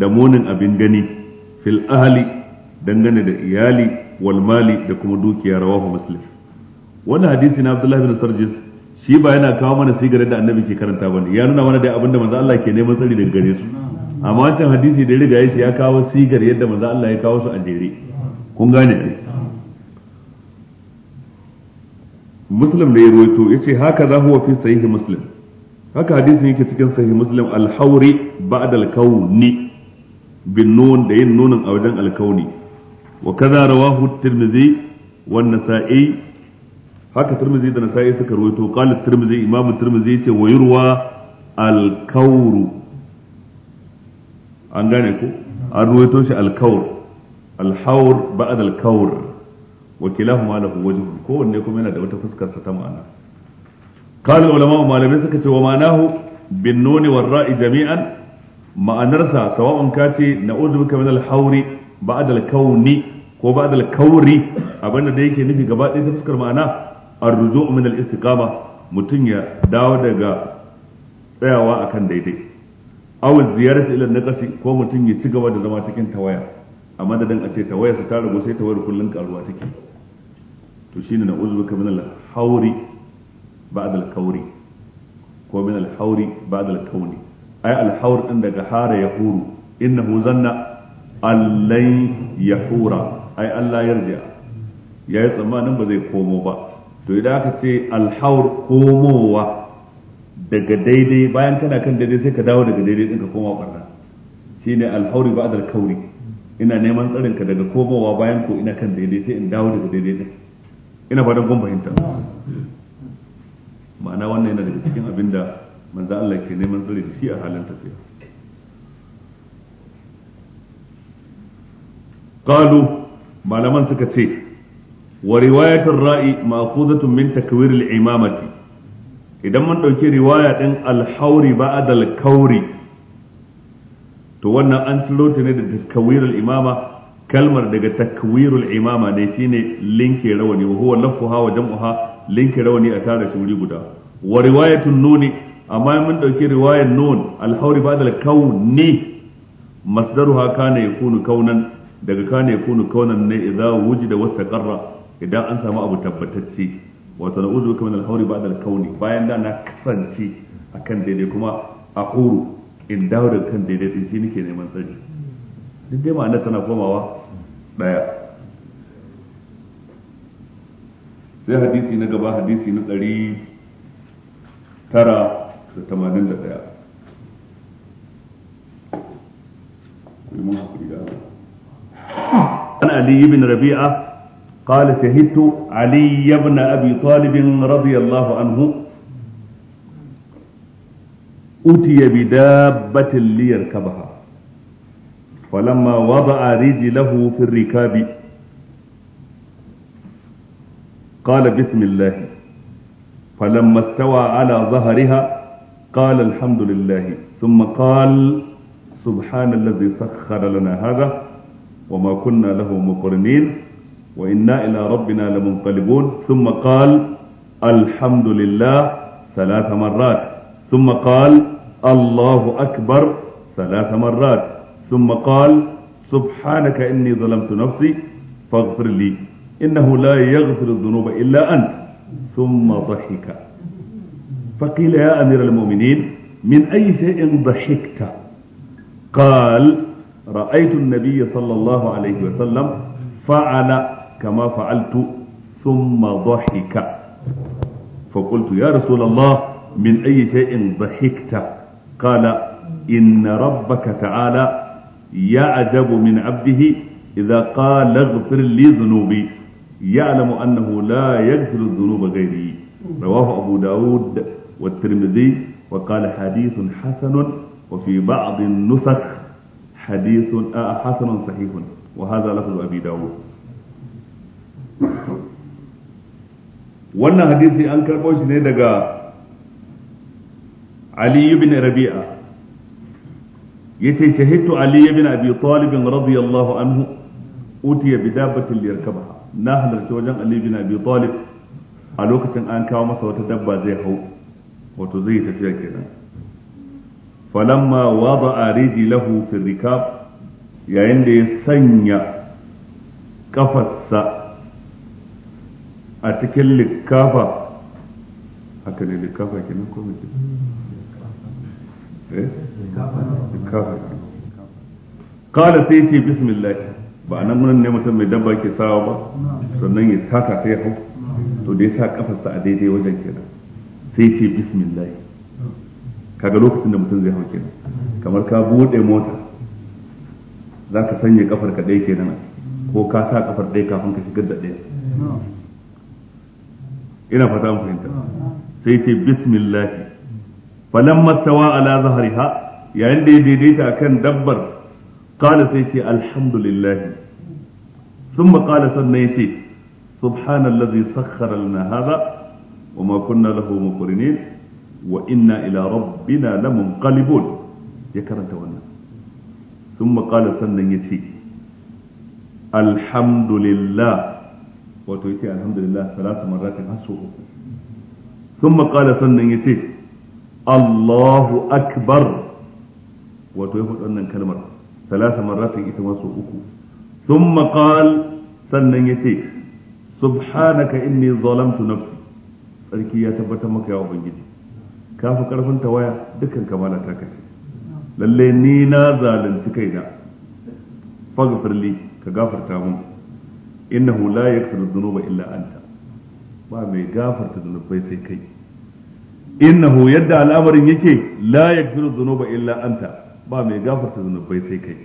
da munin abin gani fil dangane da iyali wal mali da kuma dukiya rawahu muslim wannan hadisi na Abdullahi bin Sarjis shi ba yana kawo mana sigar da annabi ke karanta bane ya nuna mana da abin da manzo Allah ke neman tsari daga gare su amma wancan hadisi da ya riga ya kawo sigar yadda manzo Allah ya kawo su a jere kun gane muslim da ya ruwaito yace haka za huwa fi sahihi muslim haka hadisin yake cikin sahihi muslim al-hawri ba'da al-kawni da yin nunin a wajen al wa kaza rawahu at-tirmidhi wa an-nasa'i haka tirmidhi da nasa'i suka ruwaito qala tirmidhi imamu tirmidhi yace wa yurwa an gane an wa kilahuma lahu kowanne kuma yana da wata fuskar sa ta ma'ana qala ulama malamai suka ce wa ma'anahu bin ra'i jami'an ma'anarsa sawa'un kace na'udhu bika min al-hawri ba'da al ko ba'da al-kawri abinda da yake nufi gaba ɗaya fuskar ma'ana a ruju min al-istiqama mutun ya dawo daga tsayawa akan daidai aw ziyarati ila naqasi ko mutun ya cigaba da zama cikin tawaya da dan a ce tawayarsa ta rago sai tawayar kullun karuwa take to shine na uzbuka min al-hauri ba'd al-kauri ko min al-hauri ba'd al-kauni ay al-haur din daga hara ya huru innahu zanna allai ya hura, ay Allah ya yarja yayi tsammanin ba zai komo ba to idan aka ce al-haur komowa daga daidai bayan kana kan daidai sai ka dawo daga daidai din ka koma barna shine al-hauri ba'd al-kauri ina neman tsarin ka daga komowa bayan ko ina kan daidai sai in dawo daga daidai din ina fatan kun fahimta ma'ana wannan yana daga cikin abin da manzo Allah ke neman tsare da shi a halin tafiya qalu malaman suka ce wa riwayatul ra'i ma'khuzatun min takwir al-imamati idan mun ɗauki riwaya ɗin alhauri ba a al-kauri to wannan an tsilo ne da takwir imama kalmar daga takwirul imama ne shine linke rawani wa huwa lafuha wa jam'uha linke rawani a tare shi wuri guda wa riwayatun nuni amma mun dauki riwayar nun al-hawri ba'da al masdaruha kana yakunu kaunan daga kana yakunu kaunan ne idza wujida wastaqarra idan an samu abu tabbatacce wato na'udhu bika kuma al-hawri ba'da kauni. bayan da na kasance akan daidai kuma a in dawo daga kan daidai din shi nake neman tsari duk dai ma'ana tana komawa daya sai hadisi na gaba hadisi na ɗari tara da tamanin da ɗaya عن علي بن ربيعة قال شهدت علي بن أبي طالب رضي الله عنه أتي بدابة ليركبها فلما وضع رجله في الركاب قال بسم الله فلما استوى على ظهرها قال الحمد لله ثم قال سبحان الذي سخر لنا هذا وما كنا له مقرنين وإنا إلى ربنا لمنقلبون ثم قال الحمد لله ثلاث مرات ثم قال الله أكبر ثلاث مرات ثم قال سبحانك إني ظلمت نفسي فاغفر لي إنه لا يغفر الذنوب إلا أنت ثم ضحك فقيل يا أمير المؤمنين من أي شيء ضحكت قال رأيت النبي صلى الله عليه وسلم فعل كما فعلت ثم ضحك فقلت يا رسول الله من أي شيء ضحكت قال إن ربك تعالى يعجب من عبده إذا قال اغفر لي ذنوبي يعلم أنه لا يغفر الذنوب غيري رواه أبو داود والترمذي وقال حديث حسن وفي بعض النسخ حديث حسن صحيح وهذا لفظ أبي داود wannan hadisi an karɓo shi ne daga Ali ibn Rabi'a yace shahidtu ali ibn abi talib radiyallahu anhu utiya bi dabbatin liyarkabaha na halarci wajen ali ibn abi talib a lokacin an kawo masa wata dabba zai hau wato zai tafiya kenan falamma wada'a rijlahu fi rikab yayin da ya sanya kafarsa a cikin likafa haka ne likafa kenan ko Eh? kala sai ce bismillah ba nan munan ne mutum mai dabba ke sawa ba sannan ya saka ta ya hau to da ya sa kafarsa a daidai wajen kenan sai ce bismillah kaga lokacin da mutum zai hau kenan kamar ka bude mota za ka sanya kafar ka dai kenan ko ka sa kafar ɗaya kafin ka shigar da ɗaya ina fata an fahimta sai ce bismillah falamma stawa ala zahriha yayin da ya daidaita kan dabbar Kala sai ce alhamdulillah Sun qala sannan ya yace subhanallazi sakhkhara lana hadha wama kunna lahu muqrinin wa inna ila rabbina lamunqalibun ya karanta wannan Sun qala sannan ya yace alhamdulillah wato yace alhamdulillah salatu marratin hasu Sun qala sannan ya yace Allahu akbar wato ya faɗi wannan kalmar salasa marratin ita masu uku thumma qal sannan ce. subhanaka inni zalamtu nafsi sarki ya tabbatar maka ya ubangiji ka fi karfin tawaya dukkan kamala ta kai lalle ni na zalunci kaina faghfirli ka gafarta mun innahu la yaghfiru dhunuba illa anta ba mai gafarta zunubai sai kai innahu yadda al'amarin yake la yaghfiru dhunuba illa anta ba mai gafarta zunubai sai kai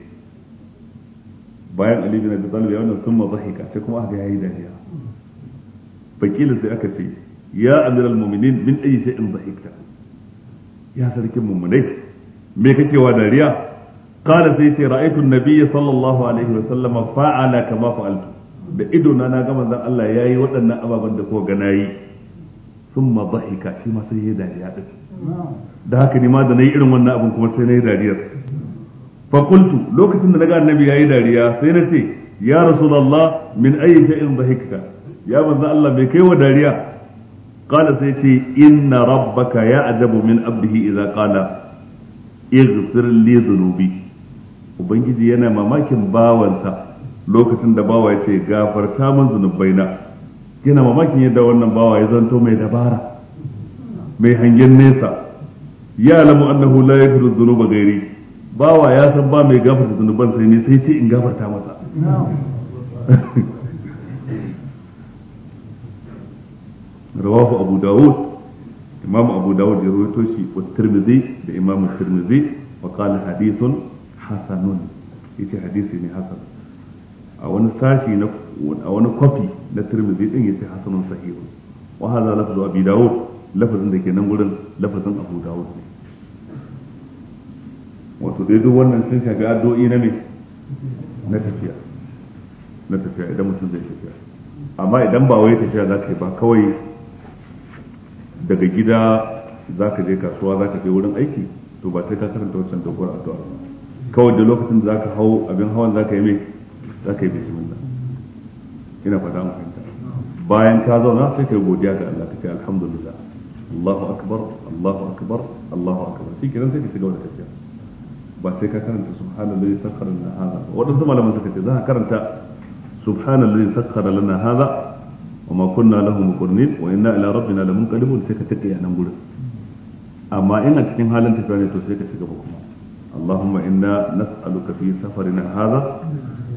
bayan ali bin abi talib ya wannan summa dhahika sai kuma aka yayi dariya fakila sai aka ce ya amiral mu'minin min ayi shay'in dhahikta ya sarkin mu'minai me kake wa dariya qala sai ce ra'aytu an-nabiyya sallallahu alaihi wa sallam fa'ala kama fa'altu da ido na na ga manzon Allah yayi waɗannan ababan da ko ga nayi sun ma bahika shi ma sai ya dariya hmm. da haka ne ma da na yi irin wannan abin kuma sai na yi dariyar fakultu lokacin da na ga annabi ya yi dariya sai na ce ya rasulallah min ayi sha'in bahikta ya manzo Allah bai kai wa dariya qala sai ce inna rabbaka ya ajabu min abdihi idza qala ighfir li dhunubi ubangiji yana mamakin bawansa lokacin da bawa ya ce gafarta min zunubaina yana mamakin yadda wannan bawa ya zanto mai dabara mai hangen nesa ya lamu annahu la yaghfiru dhunuba ghairi bawa ya san ba mai gafarta zunuban sai ne sai ce in gafarta masa rawahu abu dawud imam abu dawud ya rawaito shi wa tirmidhi da imam Tirmizi wa qala hadithun hasanun yace hadisi ne hasan a wani sashi na a wani kwafi na tirmidhi din yace hasanun sahihun wa hadha lafzu abi daud lafazin da ke nan gurin lafazin abu daud ne wato dai duk wannan sun shafi addu'o'i na me na tafiya na tafiya idan mutum zai tafiya amma idan ba wai tafiya za ka yi ba kawai daga gida za ka je kasuwa za ka je wurin aiki to ba sai ka karanta wancan dogon addu'a kawai da lokacin da za ka hau abin hawan za ka yi mai za ka yi ina fata mu fahimta bayan ka zauna sai ka yi godiya ga Allah ka ce alhamdulillah Allahu akbar Allahu akbar Allahu akbar shi kiran sai ka shiga wani tafiya ba sai ka karanta subhanallahi sakhkhara lana hadha wadansu malaman suka ce za ka karanta subhanallahi sakhkhara lana hadha wa ma kunna lahu muqrinin wa inna ila rabbina lamunqalibun sai ka take ya nan gurin amma ina cikin halin tafiya ne to sai ka shiga kuma اللهم إنا نسألك في سفرنا هذا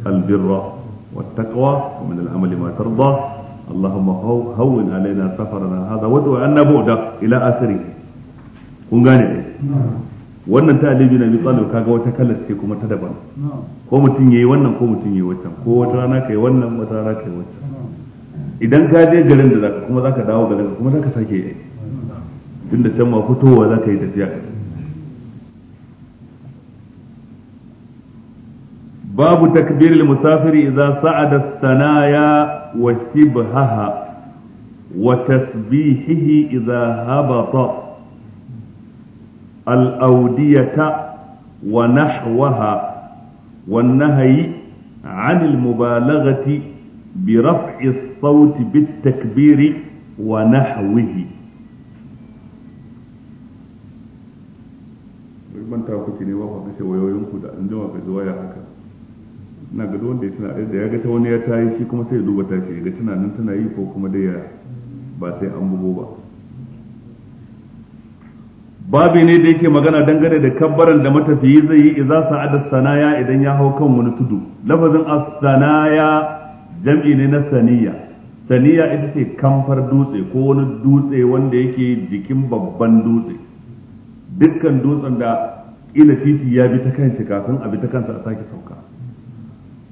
البر والتقوى ومن العمل ما ترضى اللهم هون علينا سفرنا هذا عنا الى اخره kun gane wannan ta alibi na misali wata ce kuma ta daban ko mutum yi wannan ko mutum yi wancan ko wata rana yi wannan wata rana yi wancan idan ka je garin da zaka kuma zaka dawo garin kuma zaka sake yi tunda can ma fitowa zaka yi tafiya باب تكبير المسافر إذا صعد الثنايا وشبهها وتسبيحه إذا هبط الأودية ونحوها والنهي عن المبالغة برفع الصوت بالتكبير ونحوه ويوم كده عندما في الزوايا حكا na ga wanda ya tana da ya ga wani ya tayi shi kuma sai ya duba ta shi ga tana tana yi ko kuma dai ya ba sai an bugo ba babi ne da yake magana dangane da kabbaran da matafiyi zai yi sa'a da sanaya idan ya hau kan wani tudu lafazin as-sanaya jam'i ne na saniya saniya ita ce kamfar dutse ko wani dutse wanda yake jikin babban dutse dukkan dutsen da ila titi ya bi ta kanshi kafin a bi ta kansa a sake sauka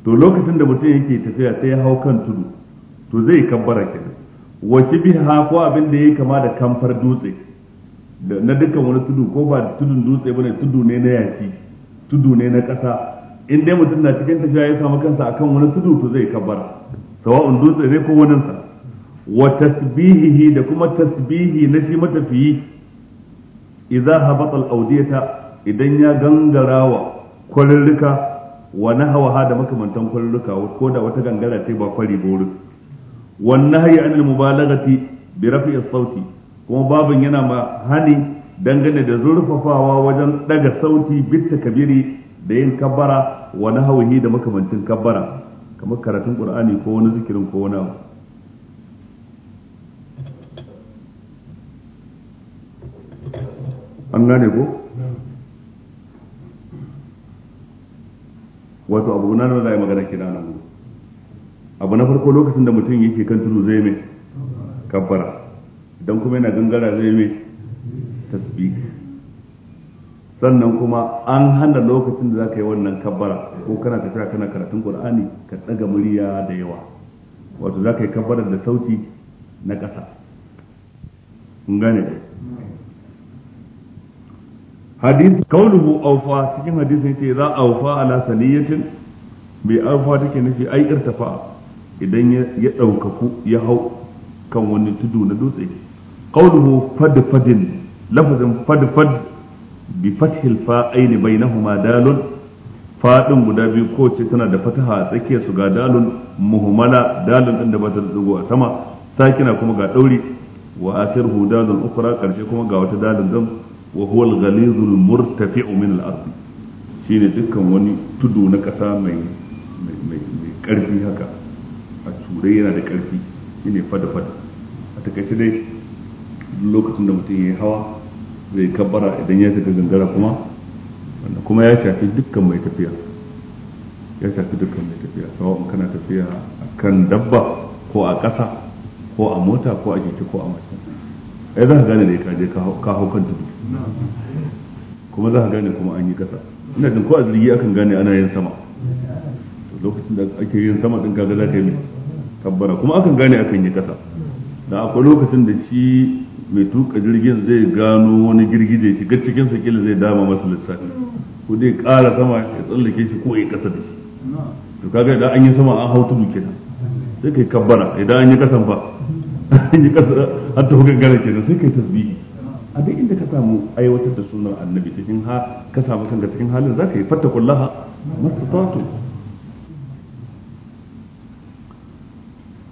to lokacin da mutum yake tafiya sai ya hau kan tudu to zai kabbara kenan wa biha ko abin da yi kama da kamfar dutse na dukkan wani tudu ko ba tudun dutse bane tudu ne na yaki tudu ne na ƙasa in dai mutum na cikin tafiya ya samu kansa akan wani tudu to zai kabbara sawa'un dutse ne ko wani sa wa tasbihihi da kuma tasbihi na shi matafiyi idza habata al-awdiyata idan ya gangarawa kwalirrika Wani nahwaha da makamantan kwalluka ko da wata gangara ce ba kwari ba wurin wan nahyi ba mubalaghati bi raf'i sauti kuma babin yana ma hani dangane da zurfafawa wajen daga sauti bitta kabiri, da yin kabbara wani nahwihi da makamantan kabbara kamar karatun qur'ani ko wani zikirin ko wani abu an gane ko wato abu na nuna zai yi magana ke nan abu na farko lokacin da mutum yake kan tudu zai mai kabbara idan kuma yana gangara zai mai tasbih sannan kuma an hana lokacin da za ka yi wannan kabbara ko kana tafiya kana karatun qur'ani ka tsaga murya da yawa wato za ka yi kabbara da sauti na ƙasa kun gane hadith kaunuhu aufa cikin hadith ce za aufa ala saniyatin Mai aufa take nufi ai irtafa idan ya ku ya hau kan wani tudu na dutse kaunuhu fadin lafazin fad bi fathil fa'aini bainahuma dalun fadin guda biyu ko ce tana da fataha a tsakiyar su ga dalun muhmala dalun din da ba ta zugo a sama sakina kuma ga dauri wa akhirhu dalun ukra karshe kuma ga wata dalun zan. wa huwa al-ghalizu al shine dukkan wani tudu na kasa mai mai haka a turai yana da karfi shine fada fada a takaice dai lokacin da mutum yayi hawa zai kabbara idan ya shiga gangara kuma wanda kuma ya shafi dukkan mai tafiya ya shafi dukkan mai tafiya sawa'un kana tafiya a kan dabba ko a ƙasa ko a mota ko a jiki ko a mashin ai za ka gane da ka je ka hau kan tudu kuma za ka gane kuma an yi kasa ina jin ko a jirgi akan gane ana yin sama lokacin da ake yin sama din kaga za ka yi mai kabbara kuma akan gane akan yi kasa da akwai lokacin da shi mai tuka jirgin zai gano wani da shiga cikin sa kila zai dama masa lissafi ko dai ƙara sama ya tsallake shi ko ya kasa da shi to kaga idan an yi sama an hau tudu kenan sai kai kabbara idan an yi kasan ba an yi kasa har ta hukar gane kenan sai kai tasbihi a duk inda ka samu aiwatar da sunan annabi cikin ha ka samu kanka cikin halin ka yi fattakullaha mastata'tu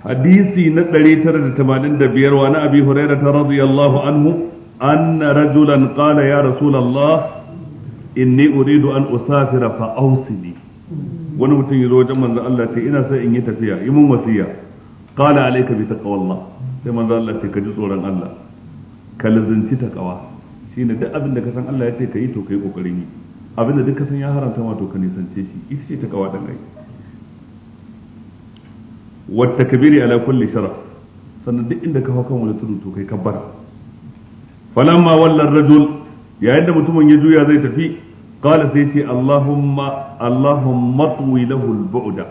hadisi na 985 wa na abi hurairah radiyallahu anhu anna rajulan qala ya rasulullah inni uridu an usafira fa ausini wani mutum yazo wajen manzon Allah ce ina so in yi tafiya yi mun wasiya qala alayka bi taqwallah sai manzon Allah ce ka ji tsoron Allah ka lazanci ta kawa ne duk abin da ka san Allah ya ce ka yi to ka yi kokarin yi abin da duk ka san ya haramta ma to ka nisance shi ita ce ta kawa dan ai wata kabiri ala kulli sharaf sannan duk inda ka hau kan wani tudu to kai kabbara falamma wallan rajul yayin da mutumin ya juya zai tafi qala sai ce allahumma allahumma tuwi lahu al-bu'da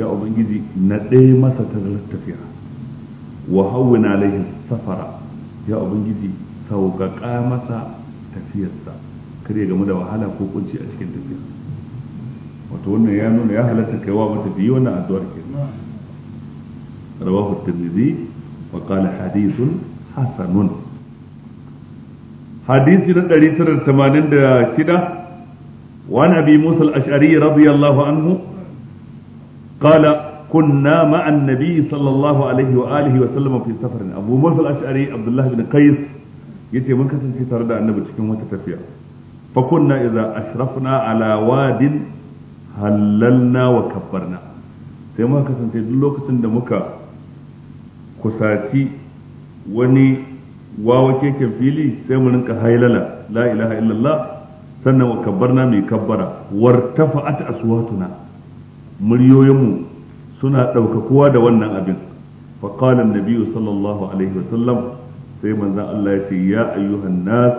ya ubangiji na dai masa tazalar tafiya wa hawwin alaihi safara ya ubangiji sauƙaƙa masa tafiyarsa kare game da wahala ko kunci a cikin tafiya wato wannan ya nuna ya halatta kaiwa mata matafiyi wannan addu'ar ke rawahu tirmidhi wa qala hadithun hasanun hadisi na 986 وعن ابي موسى الاشعري رضي الله anhu, قال كنا مع النبي صلى الله عليه وآله وسلم في سفر أبو موسى الأشعري عبد الله بن قيس يتي من كسن شي ترد النبي cikin wata tafiya فكنا إذا أشرفنا على واد هللنا وكبرنا sai muka kasance duk lokacin da muka kusaci wani wawa keken fili sai mu rinka hailala la ilaha illallah sannan wa kabbarna mai kabbara wartafa'at aswatuna muryoyinmu suna ɗaukakuwa da wannan abin fa qala an sallallahu alaihi wasallam sai manzon Allah ya ce ya ayyuhan nas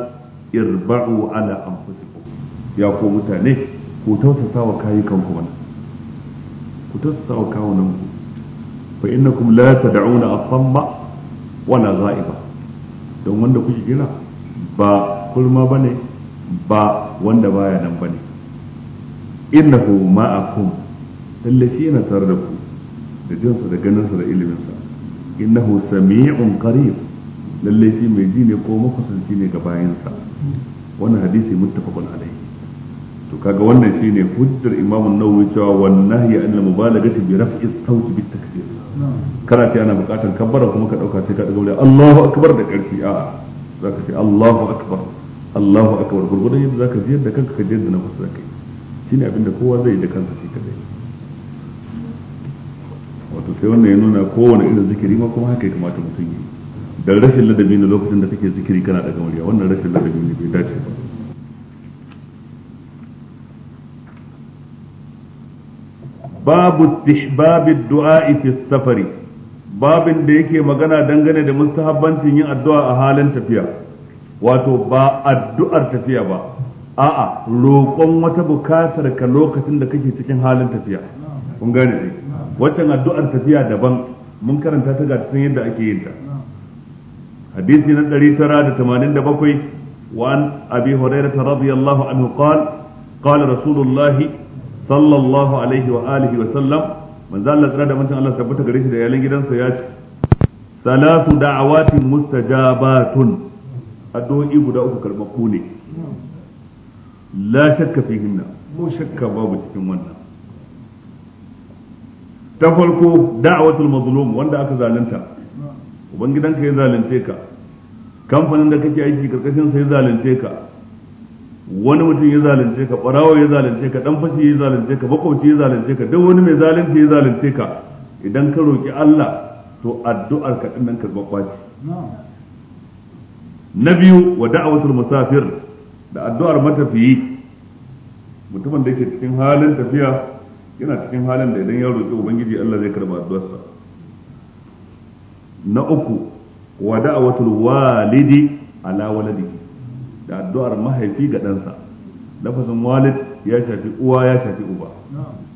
irba'u ala anfusikum ya ko mutane ku tausasa wa kayukanku mana ku tausasa wa kawunanku fa innakum la tad'una as-samma wala za'iba. don wanda kuke kira ba kurma bane ba wanda baya nan bane innahu ma'akum lalle shi yana tare da ku da jinsa da ganinsa da iliminsa innahu sami'un qarib lalle shi mai ji ne ko makusanci ne ga bayansa wannan hadisi muttafaqun alayhi to kaga wannan shine hujjar Imam an-Nawawi cewa wan nahyi an mubalagati bi raf'i as-sawt bi takbir kana ta ana bukatan kabbara kuma ka dauka sai ka daga wuri Allahu akbar da karfi a zaka ce Allahu akbar Allahu akbar gurgurdan yadda zaka ji da kanka ka ji da na kusa da kai shine abinda kowa zai yi da kansa shi kadai to sai wannan ya nuna kowane irin zikiri ma kuma haka ya kamata mutum yi da rashin ladabi na lokacin da kake zikiri kana daga murya wannan rashin ladabi ne bai dace ba babu istihbab dua fi safari babin da yake magana dangane da mustahabbancin yin addu'a a halin tafiya wato ba addu'ar tafiya ba a'a roƙon wata bukatar ka lokacin da kake cikin halin tafiya kun gane ne waccan addu'ar tafiya daban mun karanta ta ga san yadda ake yin ta hadisi na 987 wa an abi hurairah radiyallahu anhu qala qala rasulullahi sallallahu alaihi wa alihi wa sallam manzo Allah tsara da mutum Allah tabbata gare shi da yalan gidansa ya ce salatu da'awatin mustajabatun addu'o'i guda uku karbaku ne la shakka fihinna ko shakka babu cikin wannan ta farko da'awatul mazlum wanda aka zalunta ubangidanka ya zalunce ka kamfanin da kake aiki karkashin sa ya zalunce ka wani mutum ya zalunce ka barawo ya zalunce ka dan fashi ya zalunce ka makwabci ya zalunce ka duk wani mai zalunci ya zalunce ka idan ka roki Allah to addu'ar ka din nan karɓa na biyu wa da'awatul musafir da addu'ar matafiyi mutumin da yake cikin halin tafiya yana cikin halin da idan ya roƙi ubangiji Allah zai karba addu'arsa na uku wa da'watul walidi ala waladihi da addu'ar mahaifi ga ɗansa lafazin walid ya shafi uwa ya shafi uba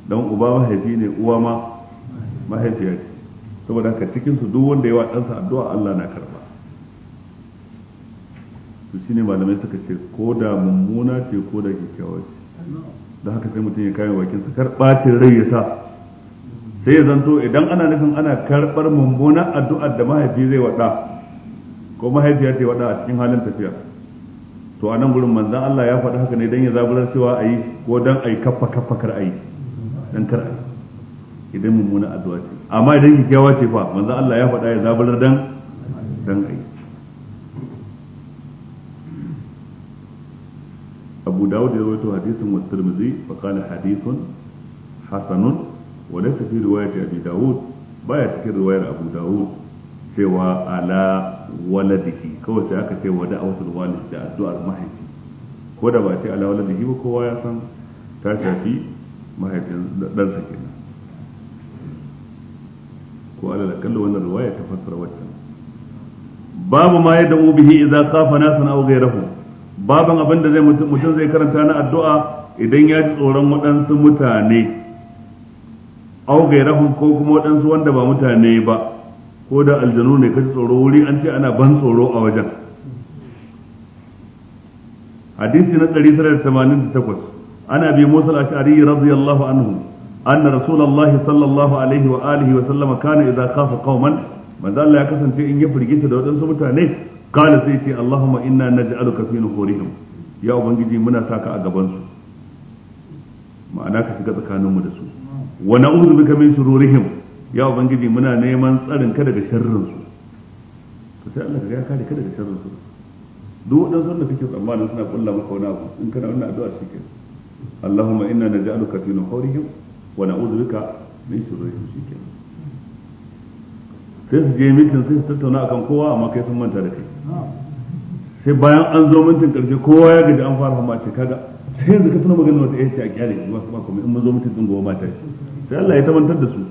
dan uba mahaifi ne uwa ma mahaifiya ce saboda haka cikin su duk wanda ya wa ɗansa addu'a Allah na karba to shine malamai suka ce ko da mummuna ce ko da kyakkyawa ce da haka sai mutum ya kame bakinsa kar bacin rai ya sa sai ya zanto idan ana nufin ana karɓar mummunan addu'ar da mahaifi zai waɗa ko mahaifiya ta waɗa a cikin halin tafiya to a nan gurin manzan Allah ya faɗi haka ne don ya zaburar cewa a yi ko don a yi kafa kafa kar a yi don kar a yi idan mummunan addu'a ce amma idan kyakkyawa ce fa manzan Allah ya faɗa ya zaburar dan dan a yi abu dawud ya rawaito hadisin wa tirmidhi fa qala hadithun hasanun wa laysa fi riwayati abi dawud baya cikin riwayar abu dawud cewa ala waladihi kawai sai aka ce wa da'awatul walid da addu'ar mahaifi ko da ba ce ala waladihi ba kowa ya san ta shafi mahaifin ɗansa kenan ko ala da kallo wannan riwaya ta fassara waccan babu ma yadda bihi idza qafa nasan aw ghayrahu baban abin da zai mutum zai karanta na addu'a idan ya ji tsoron waɗansu mutane au gairahum ko kuma waɗansu wanda ba mutane ba ko da aljanu ne kashi tsoro wuri an ce ana ban tsoro a wajen hadisi na 188 ana bi musul ash'ari radiyallahu anhu anna rasulullahi sallallahu alaihi wa alihi wa sallama kana idza khafa qauman manzo Allah ya kasance in ya firgita da waɗansu mutane qala sai ce allahumma inna naj'aluka fi nuhurihim ya ubangiji muna saka a gaban su ma'ana ka shiga tsakaninmu da su wa na'udhu bika min shururihim ya ubangiji muna neman tsarin ka daga sharrin su to sai kare ka daga sharrin su duk waɗansu da kake tsammanin suna kulla wani abu in kana wannan sai su je mitin sai su tattauna akan kowa amma kai sun manta da kai sai bayan an zo mintin karshe kowa ya gaji an fara hamba ce kaga sai yanzu ka tuna magana wata yace a kyale ba su ba kuma in mun zo mintin din gobe sai Allah ya tabbatar da su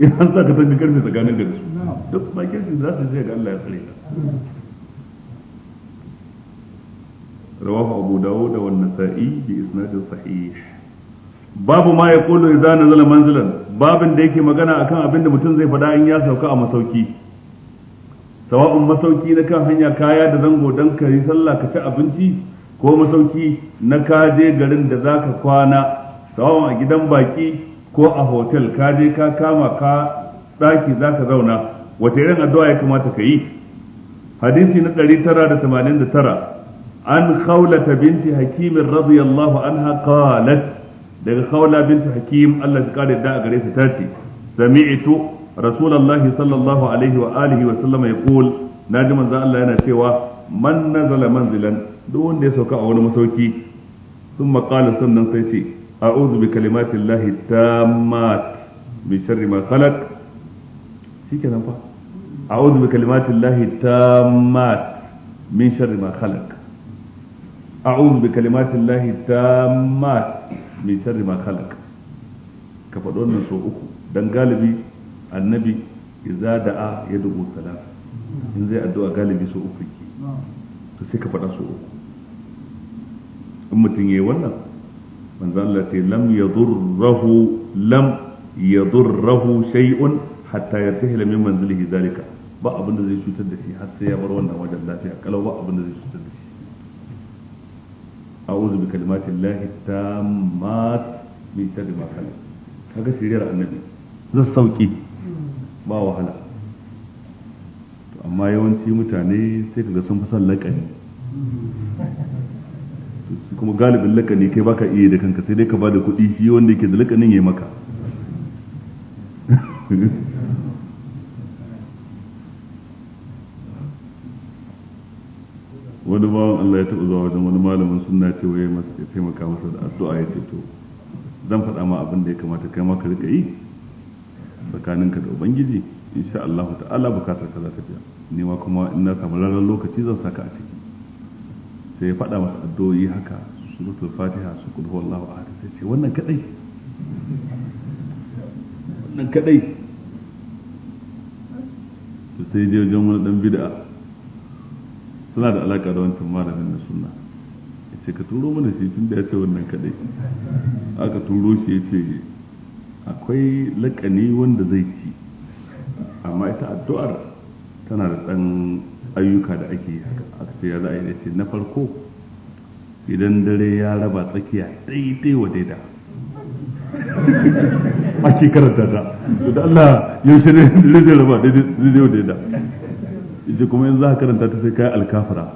idan sa ka tanga karfe tsakanin da su duk bakin su za su je ga Allah ya tsare ta rawahu abu dawud wa an-nasa'i bi isnadin sahih babu ma ya kullu idan nazala manzilan babin da yake magana akan abin da mutum zai faɗa in ya sauka a masauki sawa'un masauki na kan hanya kaya da zango don ka yi sallah ka ci abinci ko masauki na kaje garin da za ka kwana sawa'un a gidan baki ko a hotel kaje je ka kama ka za ka zauna wata irin addu'a ya kamata ka yi hadisi na 989 an khawlata binti hakim radiyallahu anha qalat daga khawla binti hakim Allah ya kare da a gare ta tace sami'tu rasulullahi sallallahu alaihi wa alihi wa sallama yaqul naji manzo Allah yana cewa man nazala manzilan duk wanda ya sauka a wani masauki sun qala sannan sai ce a'udhu bi kalimatillahi tammat bi sharri ma khalaq shikenan fa a'udhu bi kalimatillahi tammat min sharri ma khalaq a'udhu bi kalimatillahi tammat min sharri ma uku dan galibi annabi idza da'a dubu salat in zai addu'a galibi so uku ke to sai ka faɗa so uku in mutum yayi wannan manzo Allah sai lam yadurruhu lam yadurruhu shay'un hatta yartahila min manzilihi zalika ba abin da zai cutar da shi har sai ya bar wannan wajen lafiya kalau ba abin da zai cutar da shi a'udhu bi kalimati llahi tammat min sharri ma khalaq kaga siriyar annabi zan sauki ba wahala amma yawanci mutane sai kaga sun fi son lakani kuma galibin lakani kai baka iya da kanka sai dai ka bada kuɗi shi wanda yake da lakanin ya maka wani bawan Allah ya taɓa zuwa wajen wani malamin suna ce waye ya taimaka masa da addu'a ya ce to zan faɗa ma abin da ya kamata kai ma ka rika yi tsakaninka da ubangiji insha Allah ta'ala bukatar ka za ta biya ni ma kuma in na samu ranar lokaci zan saka a ciki sai ya faɗa masa addu'o'i haka su suratul fatiha su kul Allah ahad sai ce wannan kadai wannan kadai to sai je wajen wani dan bid'a suna da alaka da wancan malamin da sunna ce ka turo mana shi tun da ya ce wannan kadai aka turo shi ya ce. akwai lakani wanda zai ci amma ita addu'ar tana da ɗan ayyuka da ake haka ya za a yi ce na farko idan dare ya raba tsakiya daidai wa daida a shekarar ta to da Allah yaushe ne dare zai raba daidai wa daida ita kuma yanzu za ka karanta ta sai kai alkafara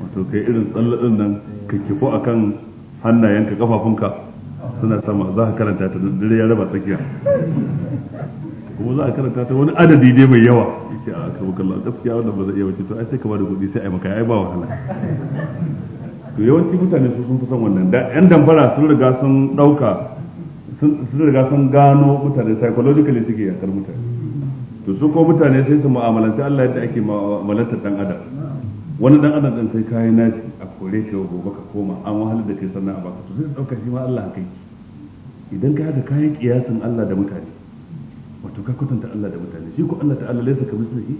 wato kai irin tsallaɗin nan ka kifo akan hannayenka kafafunka suna sama za ka karanta ta dare ya raba tsakiya kuma za a karanta ta wani adadi dai mai yawa yake a karɓar kallon gaskiya wanda ba zai iya wace to ai sai ka bada kuɗi sai a yi maka ai ba wahala to yawanci mutane su sun fi son wannan da yan dambara sun riga sun ɗauka sun riga sun gano mutane psychologically suke yakar mutane to su ko mutane sai su mu'amalanci Allah yadda ake mu'amalantar dan adam wani dan adam din sai kayan naci a kore shi gobe ka koma an wahala da kai sannan a baka to sai dauka shi ma Allah ka yi. idan ka haka kayan kiyasin Allah da mutane wato ka kwatanta Allah da mutane shi ko Allah ta'ala laisa ka mislihi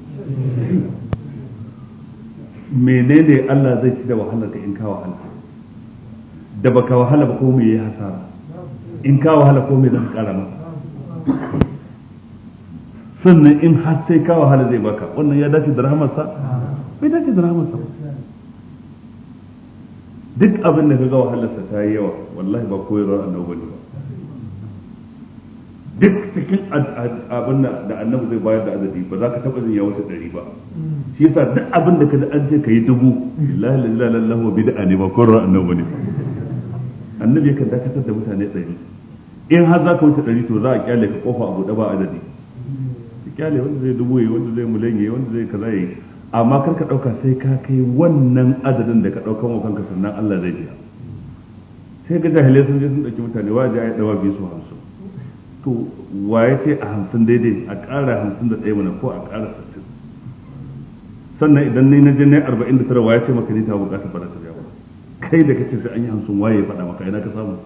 menene Allah zai ci da wahalar ka in ka wahala da baka wahala ba ko me yayi hasara in ka wahala ko me zan kara masa sannan in har sai ka wahala zai baka wannan ya dace da sa. bai dace da rahamarsa sa duk abin da ka ga wahalarsa ta yi yawa wallahi ba koyarwar annabi bane ba duk cikin abin da annabi zai bayar da adadi ba za ka taba jin ya wuce ɗari ba shi yasa duk abin da ka ji an ce ka yi dubu lillahi lillahi lillahi wa bid'a ne ba koyarwar annabi bane annabi yakan dakatar da mutane tsari. in har za ka wuce dari to za a kyale ka kofa a buɗe ba adadi kyale wanda zai dubu yayi wanda zai mulenye wanda zai kaza yayi amma kar ka ɗauka sai ka kai wannan adadin da ka ɗaukan wa kanka sannan Allah zai biya sai ga jahilai sun je sun ɗauki mutane wa ji a yi ɗawa biyu su hamsin to waye ce a hamsin daidai a ƙara hamsin da ɗaya mana ko a ƙara sittin sannan idan ni na je ne arba'in da tara waye ce maka ni ta buƙatar ba ta ba kai da kace sai an yi hamsin waye faɗa maka ina ka samu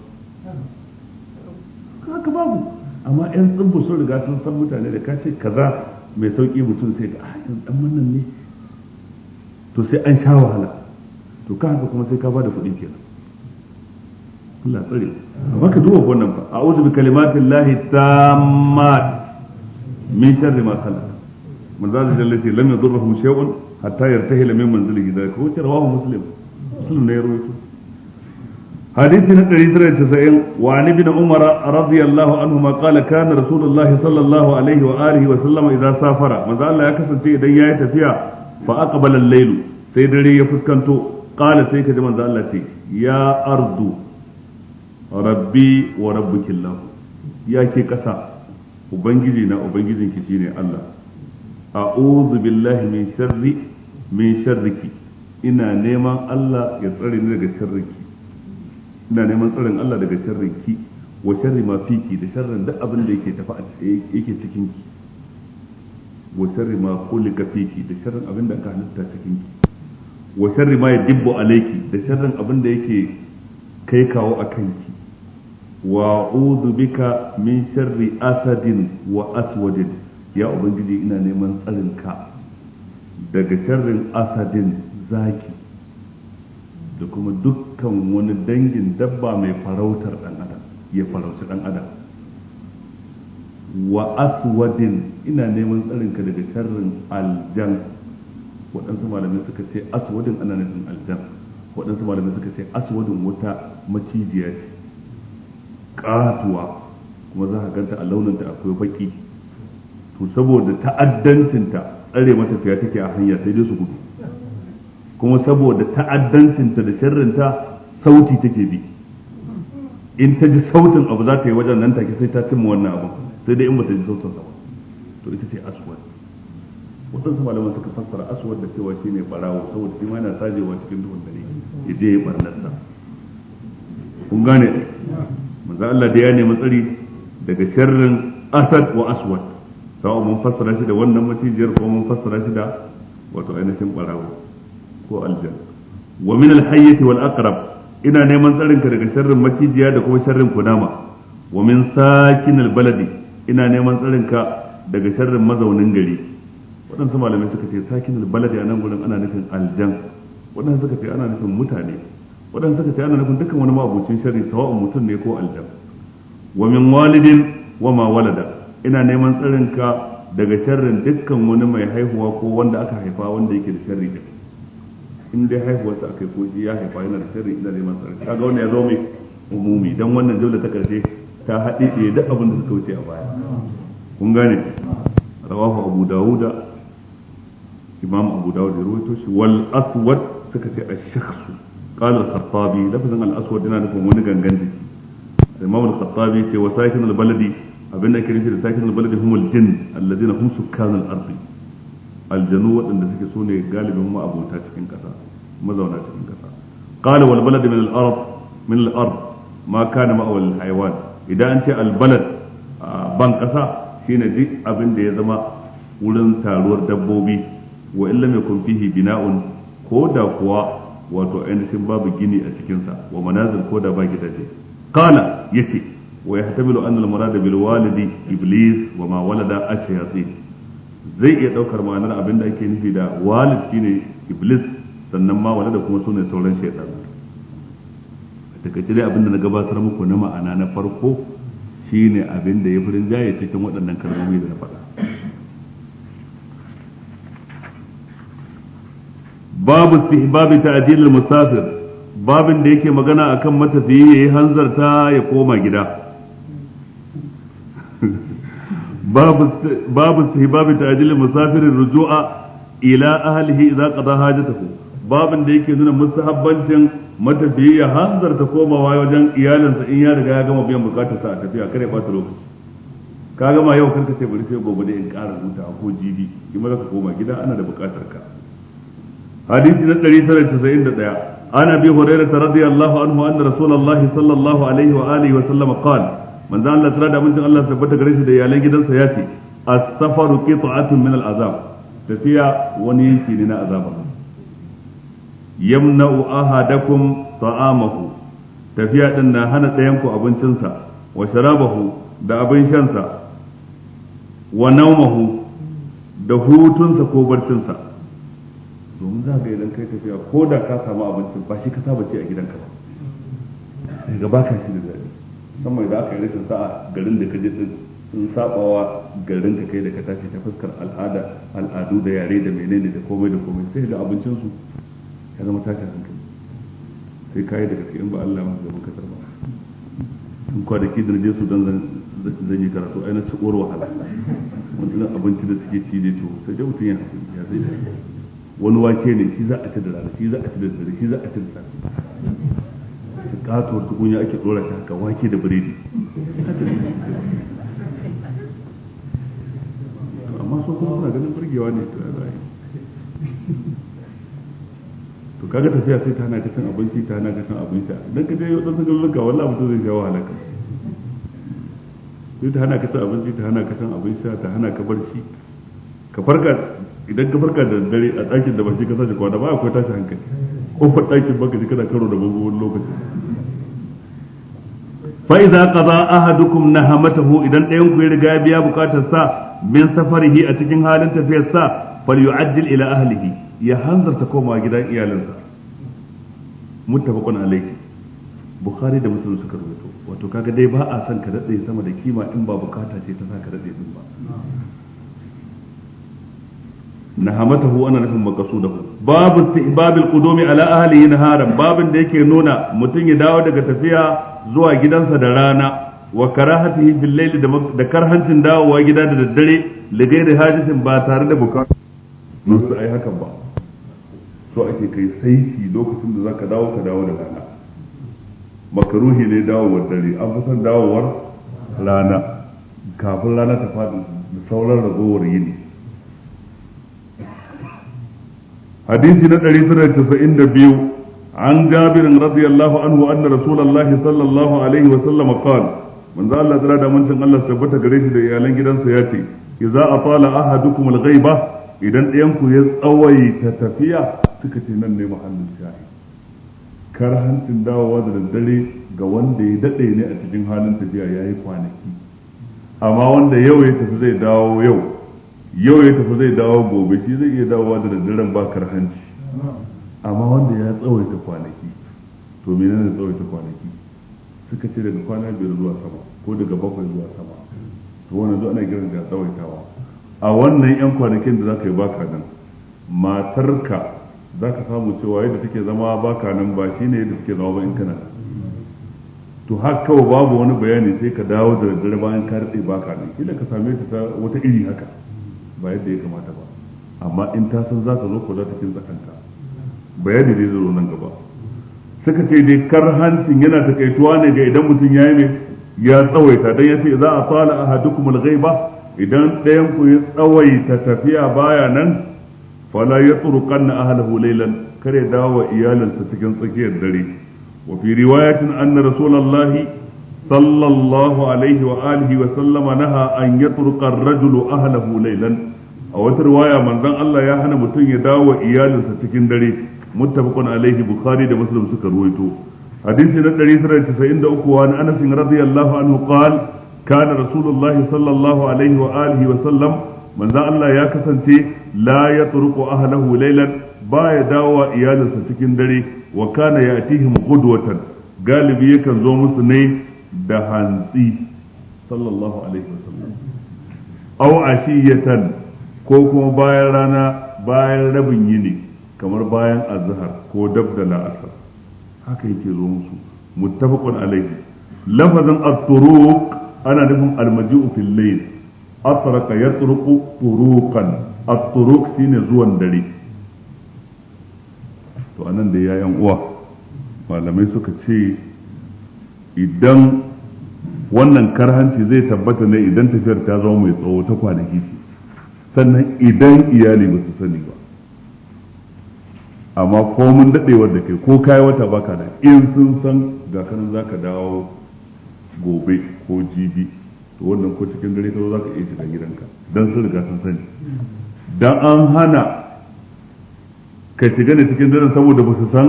haka babu amma yan tsibbu sun riga sun san mutane da ka ce kaza mai sauƙi mutum sai ga a ah, yanzu ɗan wannan ne to sai an sha wahala to ka haka kuma sai ka bada kuɗi kenan Allah tsare amma ka duba wannan fa a'udhu bi kalimatin lahi tammat min sharri ma khalaq manzal jallati lam yadurruhu shay'un hatta yartahila min manzilihi da ko ce rawahu muslim muslim ne ya rawaito حديث ندري تسعين وعن ابن عمر رضي الله عنهما قال كان رسول الله صلى الله عليه وآله وسلم إذا سافر ماذا الله يكسر في إيديه fa aqbala al-layl sai dare ya fuskanto qala sai ka ji manzo Allah ce ya ardu rabbi wa rabbuki Allah ya ke kasa ubangiji na ubangijinki shine Allah a'udhu billahi min sharri min sharriki ina neman Allah ya tsare ni daga sharriki ina neman tsarin Allah daga sharriki wa sharri ma fiki da sharrin duk abin da yake tafi yake cikin ki wa sharri ma khuliqa fiki da sharrin abin da aka halitta cikin ki wa sharri ma yadibbu alayki da sharrin abin da yake kai kawo a kanki. wa a'udhu bika min sharri asadin wa aswadin ya ubangiji ina neman tsarin ka daga sharrin asadin zaki da kuma dukkan wani dangin dabba mai farautar dan adam ya farauci dan adam wa aswadin ina neman tsarinka daga sharrin aljan waɗansu malamai suka ce aswadin ana nufin aljan waɗansu malamai suka ce aswadin wata macijiya ce ƙatuwa kuma za ka ganta a launinta akwai baki to saboda ta'addancinta tsare matafiya take a hanya sai dai su gudu kuma saboda ta'addancinta da sharrinta sauti take bi in ta ji sautin abu za ta yi wajen nan take sai ta cimma wannan abu sai dai in ba ta ji sautin sa ba to ita ce aswad waɗansu malaman suka fassara aswad da cewa shi ne ɓarawo saboda shi ma yana sajewa cikin duhun dare ya je ya ɓarnar kun gane manzo Allah da ya nemi tsari daga sharrin asad wa aswad sawa mun fassara shi da wannan macijiyar ko mun fassara shi da wato ainihin ɓarawo ko aljan wa min al-hayyati wal aqrab ina neman tsarinka daga sharrin macijiya da kuma sharrin kunama wa min sakin albaladi ina neman tsarinka daga sharrin mazaunin gari waɗansu malamai suka ce sakin albaladi a nan gurin ana nufin aljan waɗansu suka ce ana nufin mutane waɗansu suka ce ana nufin dukkan wani ma'abucin sharri sawa'un mutum ne ko aljan wa min walidin wa ma walada ina neman tsarinka daga sharrin dukkan wani mai haihuwa ko wanda aka haifa wanda yake da sharri din in dai haihuwar ta yi ko shi ya haifa yana da sirri ina neman sarki kaga wannan ya zo mai umumi dan wannan jumla ta karshe ta haɗe da duk abin da suka wuce a baya kun gane rawahu abu dawuda imam abu dawud ya rawaito shi wal aswad suka ce ash-shakhs qala al-khattabi lafazin al-aswad yana nufin wani gangan jiki imam al-khattabi ce wa al-baladi abinda ke nufi da sakin al-baladi humul alladhina hum sukkan al aljanu waɗanda suke so ne galibin ma'abota cikin ƙasa mazauna cikin ƙasa qala wal balad min al ard min al ard ma kana ma'awal hayawan idan an ce al balad ban ƙasa shine duk abin da ya zama wurin taruwar dabbobi wa illa mai kun fihi bina'un ko da kuwa wato ainihin babu gini a cikinsa wa manazil ko da ba gidaje qala yace wa yahtamilu anna al murada bil walidi iblis wa ma walada ash zai iya ɗaukar ma'anar abin da ake nufi da walid shine iblis sannan ma wani da kuma ne sauran a takaice dai abin da na gabatar muku na ma'ana na farko shine abin da ya furin jaye cikin waɗannan kalmomi da na faɗa babu babu ta'dil al-musafir babin da yake magana akan matafiyi yayi hanzarta ya koma gida babu sihibabi ta'jil musafirin ruju'a ila ahlihi idza qada hajatahu babin da yake nuna mustahabbancin matafiyi ya hanzarta komawa wajen iyalinsa in ya riga ya gama biyan bukatarsa a tafiya kare ba ta lokaci ka gama yau karka ce bari sai gobe da in ƙara huta ko jibi kuma za ka koma gida ana da bukatar ka hadisi na 191 ana bi hurairah radiyallahu anhu anna rasulullahi sallallahu alaihi wa alihi wa sallam qala manzo Allah sura da abincin Allah tabbata gare shi da iyalan gidansa ya ce as-safaru qita'atun min al-azab tafiya wani yanki ne na azaba yamna'u ahadakum ta'amahu tafiya din na hana ɗayan ku abincinsa wa sharabahu da abin shansa wa naumahu da hutunsa ko barcinsa domin za ga idan kai tafiya ko da ka samu abincin ba shi ka saba ce a gidanka ba ga baka shi da musamman da aka yi rashin sa'a garin da ka je din sun sabawa garin ka kai da ka tashi ta fuskar al'ada al'adu da yare da menene da komai da komai sai da abincin su ya zama tashi hankali sai kai da cikin in ba Allah mu gaban kasar ba in kwanaki da je su dan zan yi karatu ai na ci uwar wahala wani abinci da suke ci ne to sai da mutum ya ya sai wani wake ne shi za a ci da rana shi za a ci da dare shi za a ci da safe katuwar tukunya ake dora ta haka wake da biredi amma so kuma suna ganin burgewa ne to ya to kaga tafiya sai ta hana ka san abinci ta hana ka san don ka je yau dan sanin luka wallahi mutum zai jawo halaka sai ta hana ka san abinci ta hana ka san ta hana ka barci ka farka idan ka farka da dare a ɗakin da ba shi ka sace kwana ba akwai tashi hankali fa ɗakin baka ji kana karo da bango wani lokaci fa idza qada ahadukum nahamatahu idan ɗayan ku ya riga biya bukatar sa min safarihi a cikin halin tafiyar sa falyu'ajjil ila ahlihi ya hanzarta koma gidan iyalinsa muttafaqun alayhi bukhari da muslim suka rubuto wato kaga dai ba a son ka dade sama da kima in ba bukata ce ta sa ka dade din ba nahamatahu ana nufin maqsudahu babu istihbabil qudumi ala ahlihi naharan da yake nuna mutum ya dawo daga tafiya zuwa gidansa da rana wa karahatihi bil layli da karhancin dawowa gida da daddare li da hajjin ba tare da bukatu musu ai hakan ba so ake kai saiti lokacin da zaka dawo ka dawo da rana makaruhi ne dawowar dare an fi son dawowar rana kafin rana ta faɗi da sauran ragowar yini hadisi na 192 عن جابر رضي الله عنه أن رسول الله صلى الله عليه وسلم قال من ذا الله ترى من شان الله ثبت غريش ده يالين جدا سياتي إذا أطال أحدكم الغيبة al-ghaiba يزأوي تتفيا ku ya tsawaita tafiya suka ce nan ne muhallin dawowa da daddare ga wanda ya daɗe ne a cikin halin tafiya ya yi kwanaki amma wanda yau ya tafi zai dawo yau yau ya tafi zai dawo gobe shi zai iya dawowa da daddaren ba karhanci amma wanda ya tsawaita kwanaki to menene tsawaita kwanaki suka ce daga kwana biyar zuwa sama ko daga bakwai zuwa sama to wannan duk ana girin da tsawaitawa a wannan yan kwanakin da zaka yi baka nan matarka zaka samu cewa yadda take zama baka nan ba shine yadda take zama ba in kana to har kawai babu wani bayani sai ka dawo da daddare bayan ka rade baka nan idan ka same ta wata iri haka ba yadda ya kamata ba amma in ta san za ta zo ko za ta kin tsakanta bayani zai zo nan gaba suka ce dai karhancin yana takaituwa ne ga idan mutum ya yi mai ya tsawaita ya ce za a sala ahadukum al-ghaiba idan ɗayan ku ya tsawaita tafiya baya nan fala yatruqanna ahlihi kar ya dawo iyalinsa cikin tsakiyar dare wa fi riwayatin anna rasulullahi sallallahu alaihi wa alihi wa sallama naha an yatruqa ar-rajulu ahlihi laylan a wata riwaya manzon Allah ya hana mutum ya dawo iyalinsa cikin dare muttafaqun alaihi bukhari da muslim suka ruwaito hadisi na 193 wa an anas radiyallahu anhu qala kana rasulullahi sallallahu alaihi wa alihi wa sallam manzo Allah ya kasance la yatruqu Ba ya dawo wa iyalinsa cikin dare wa kana yatihim qudwatan galibi yakan zo musu ne da hantsi sallallahu alaihi wasallam aw ashiyatan ko kuma bayan rana bayan rabin yini kamar bayan azhar ko dab da la'asar haka yake zo musu muttafaqun alayhi lafazin at-turuq ana nufin al-maji'u fil layl asraka yatruqu turuqan at-turuq shine zuwan dare to anan da yan uwa malamai suka ce idan wannan karhanci zai tabbata ne idan tafiyar ta zama mai tsawo ta kwanaki sannan idan iyali ba su sani ba amma ko mun dadewar da kai ko kai wata baka da in sun san ga za zaka dawo gobe ko jibi to wannan ko cikin gari ka zo zaka iya shiga gidanka dan sun riga sun sani dan an hana ka shiga ne cikin dare saboda ba su san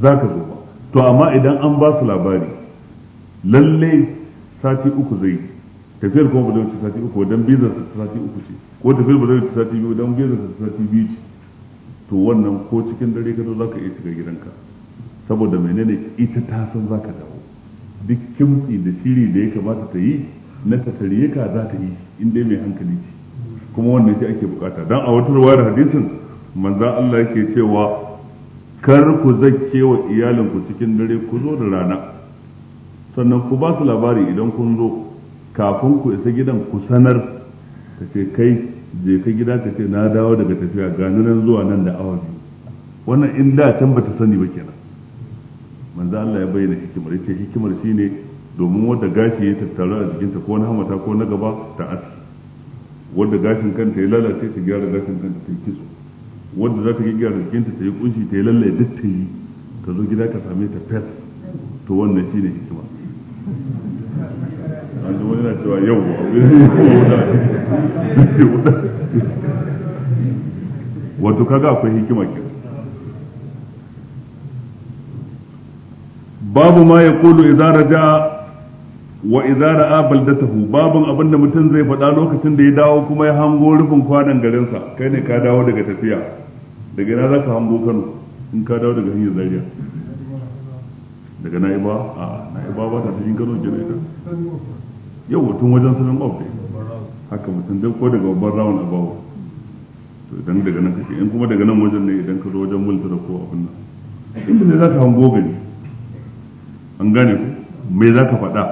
zaka zo ba to amma idan an ba su labari lalle sati uku zai tafiyar kuma ba zai wuce sati uku dan bizar sati uku ce ko tafiyar ba zai wuce sati biyu dan bizar sati biyu ce to wannan ko cikin dare ka zo za ka iya shiga gidanka saboda menene ita ta san zaka ka dawo duk kimtsi da shiri da ya kamata ta yi na tattare ka za ta yi in dai mai hankali ce kuma wannan shi ake bukata dan a wata ruwayar hadisin manzo Allah yake cewa kar ku zakke wa iyalinku cikin dare ku zo da rana sannan ku ba su labari idan kun zo kafin ku isa gidan ku sanar ta ce kai je ka gida ka ce na dawo daga tafiya gani nan zuwa nan da awa biyu wannan in da can ba ta sani ba kenan manzo Allah ya bayyana hikimar yace hikimar shine domin wanda gashi ya tattaru a jikinta ko na hamata ko na gaba ta asi wanda gashin kanta ya lalace ta gyara gashin kanta ta kitso wanda za ta gyara jikinta ta yi kunshi ta yi lallaye duk ta yi ka zo gida ka same ta fes to wannan shine hikima an wani na cewa yau a wurin wato kaga akwai hikima ke babu ma ya kulu idza raja wa idza ra'a baldatahu babun abin da mutum zai faɗa lokacin da ya dawo kuma ya hango rufin kwanan garinsa kai ne ka dawo daga tafiya daga na zaka hango Kano in ka dawo daga hanyar Zaria daga Naiba a Naiba ba ta cikin Kano kenan yau tun wajen sanin Bob haka mutum dai ko daga babban rawan a bawo to idan daga nan kake in kuma daga nan wajen ne idan ka zo wajen multa da ko abin nan inda ne za ka hango gari an gane ku me za ka faɗa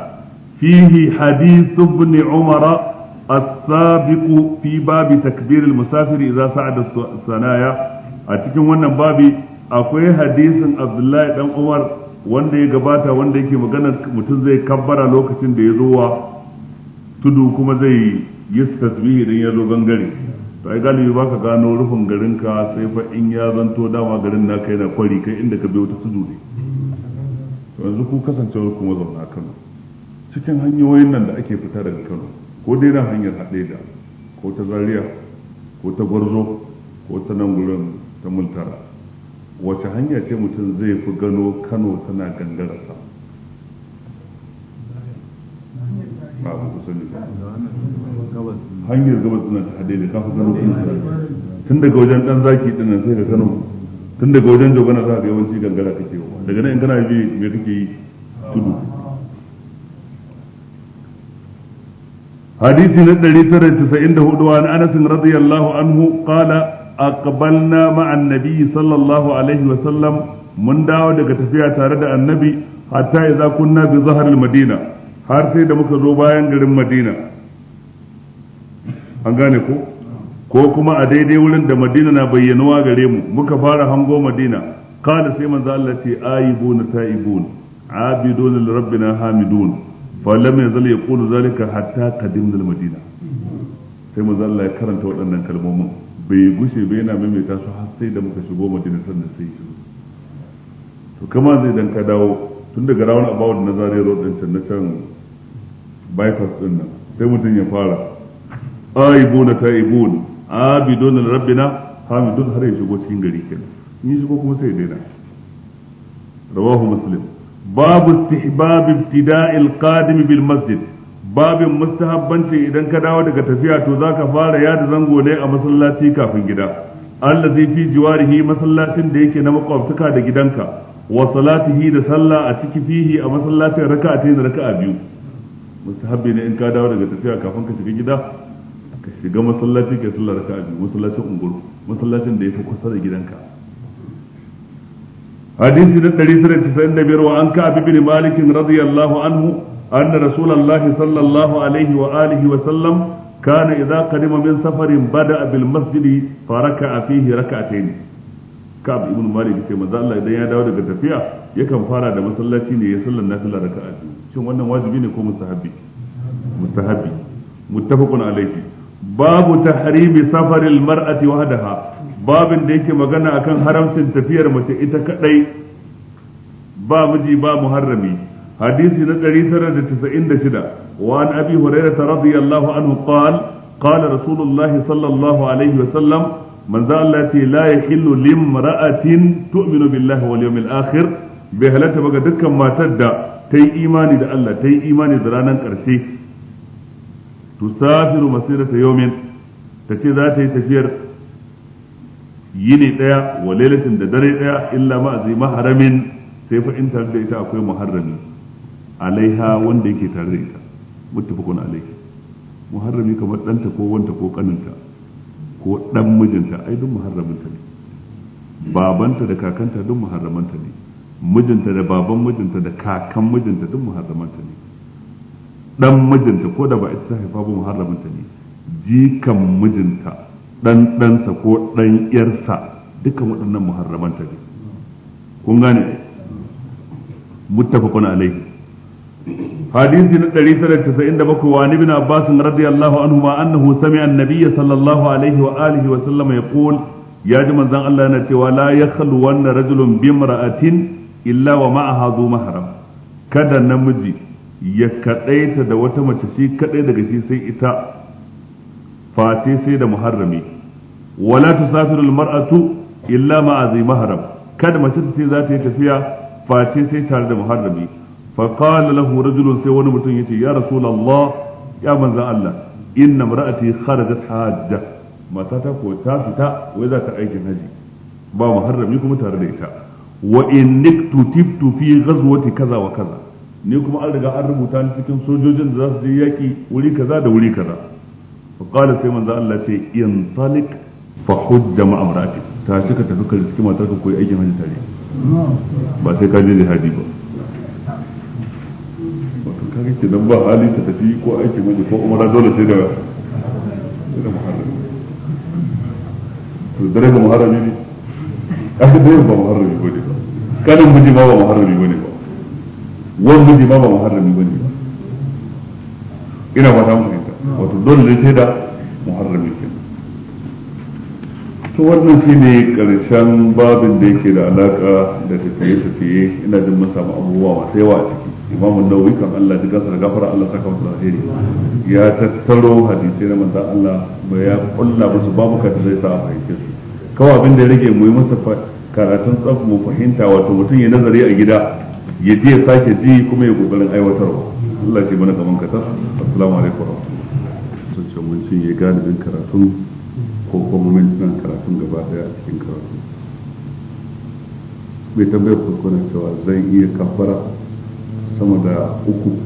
fihi hadithu ibn umara السابق في باب تكبير المسافر إذا Sanaya. A cikin wannan babi akwai hadisin Abdullahi dan Umar wanda ya gabata wanda yake magana mutum zai kabbara lokacin da ya zo wa tudu kuma zai yis tasbihi idan ya zo gangare to ai galibi ka gano rufin garin ka sai fa in ya zanto dama garin na kai na kwari kai inda ka bi wata tudu ne yanzu ku kasancewar kuma zauna Kano cikin hanyoyin nan da ake fita daga Kano ko dai nan hanyar haɗe da ko ta Zaria ko ta Gwarzo ko ta nan gurin ta Multara wace hanya ce mutum zai fi gano Kano tana gangarasa ba ku sani ba hanyar gaba suna ta hadai da kafa kano tun daga wajen dan zaki din sai ka kano tun daga wajen jogo za zaka yawanci gangara kake yi daga nan in kana bi me kake yi tudu hadisi na 994 wa anas radiyallahu anhu qala aqbalna ma'a an-nabi sallallahu alaihi wa sallam mun dawo daga tafiya tare da annabi hatta idza kunna bi zahr al-madina har sai da muka zo bayan garin madina an gane ko ko kuma a daidai wurin da madina na bayyanuwa gare mu muka fara hango madina kada sai manzo Allah ce ayibun taibun abidun lirabbina hamidun fa lam yazal yaqulu zalika hatta qadimna almadina sai manzo Allah ya karanta waɗannan kalmomin bai gushe bai yana maimaita su har sai da muka shigo madina sannan sai shi to kamar zai dan ka dawo tun daga rawun abawu da na zare road din can na can bypass din nan sai mutum ya fara aibuna taibun abidun rabbina hamidun har ya shigo cikin gari kenan in shigo kuma sai dai na. rawahu muslim babu istihbab ibtida'i al-qadim bil masjid babin mustahabbanci idan ka dawo daga tafiya to zaka fara yada zango ne a masallaci kafin gida allazi fi jiwarihi masallacin da yake na makwabtaka da gidanka wa salatihi da sallah a ciki fihi a masallacin raka'a ta raka'a biyu mustahabbi ne in ka dawo daga tafiya kafin ka shiga gida ka shiga masallaci ka sallar raka biyu masallacin ungur masallacin da ya fi kusa da gidanka hadisi na biyar wa an ka ka'ab ibn malik radiyallahu anhu anna rasulallahi sallallahu alaihi wa alihi wa sallam kana idza qadima min safarin bada'a bil masjid fa raka'a fihi raka'atayn ka'ab ibn malik sai manzo Allah idan ya dawo daga tafiya yakan fara da masallaci ne ya sallar nafila raka'a biyu shin wannan wajibi ne ko mustahabi mustahabi muttafaqun alayhi babu tahrimi safaril mar'ati wahadaha babin da yake magana akan haramcin tafiyar mace ita kadai ba miji ba muharrami hadisi na 996 wa an abi hurairah radiyallahu anhu qal qala rasulullahi sallallahu alaihi wa sallam man zalla la yahillu limra'atin tu'minu billahi wal yawmil akhir bai halatta baga dukkan matar da tayi imani da Allah ta yi imani da ranar ƙarshe tusafiru masirata yawmin tace za ta yi tafiyar yini daya wa lailatin da dare daya illa ma zai maharamin sai fa in tare da ita akwai muharrami alaiha wanda yake tare da ita muttafaqun alaihi muharrami kamar danta ko wanta ko kaninta ko dan mijinta ai duk muharramin ta ne babanta da kakanta duk muharramanta ne mijinta da baban mijinta da kakan mijinta duk muharramanta ne dan mijinta ko da ba ita ta haifa ba muharraminta ne jikan mijinta dan ɗansa ko dan yarsa dukan waɗannan muharramanta ne kun gane muttafaqun alaihi حديث الذي سنة وعن ابن عباس رضي الله عنهما أنه سمع النبي صلى الله عليه وآله وسلم يقول ya ji manzan Allah na cewa la ya wannan rajulun bi mar'atin illa wa ma'aha mahram kada namiji ya kaɗaita da wata mace shi kaɗai daga shi sai ita face sai da muharrami wala tusafiru almar'atu illa ma'a zai mahram kada mace ta ce za ta yi tafiya face sai tare da muharrami fa qala lahu rajulun sai wani mutum yace ya rasulullah ya manzan Allah inna mar'ati kharajat hajja matata ko ta fita wai za ta aikin haji ba muharrami kuma tare da ita wa in niktu tiftu fi ghazwati kaza wa kaza ni kuma an riga an rubuta ni cikin sojojin da za su je yaki wuri kaza da wuri kaza fa qala sai manzo Allah ce in talik fa hujja ma amrati ta shi ka tafi ka riski matar ka koyi aikin hajji tare ba sai ka je da haji ba wato ka ga kidan ba hali ta tafi ko aikin hajji ko umara dole sai da da muharrami to dare ga muharrami ne a dare ba muharrami bane ba kanin miji ba ba muharrami bane wani miji ba muharrami bane ba ina fata mu fahimta wato dole ne sai da muharrami ke to wannan shi ne karshen babin da yake da alaka da tafiye-tafiye ina jin mun samu abubuwa masu yawa a ciki imamun nawawi kan Allah ji gasar gafara Allah saka masa alheri ya tattaro hadisai na manzon Allah bai ya kulla musu babu ka zai sa a fahimce su kawai abin da ya rage mu yi masa karatun tsaf mu fahimta wato mutum ya nazari a gida ya ji sake ji kuma ya kokarin aiwatarwa Allah ce mana gaban kasar assalamu alaikum sun ce mun shi ya galibin karatu ko kuma mun tana karatun gaba daya a cikin karatu bai tambayar kurkuna cewa zai iya kafara sama da uku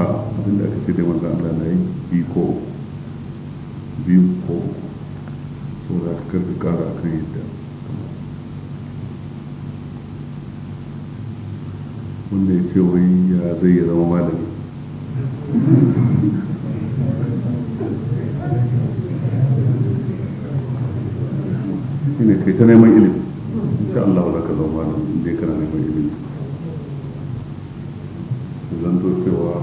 a abin da aka ce dai manzo Allah na yi biyu ko biyu ko saboda ka karka kara akan yadda wanda ya ce wai ya zai ya zama malami shine kai ta neman ilimi insha Allah za ka zama malami inda kana neman ilimi zan to cewa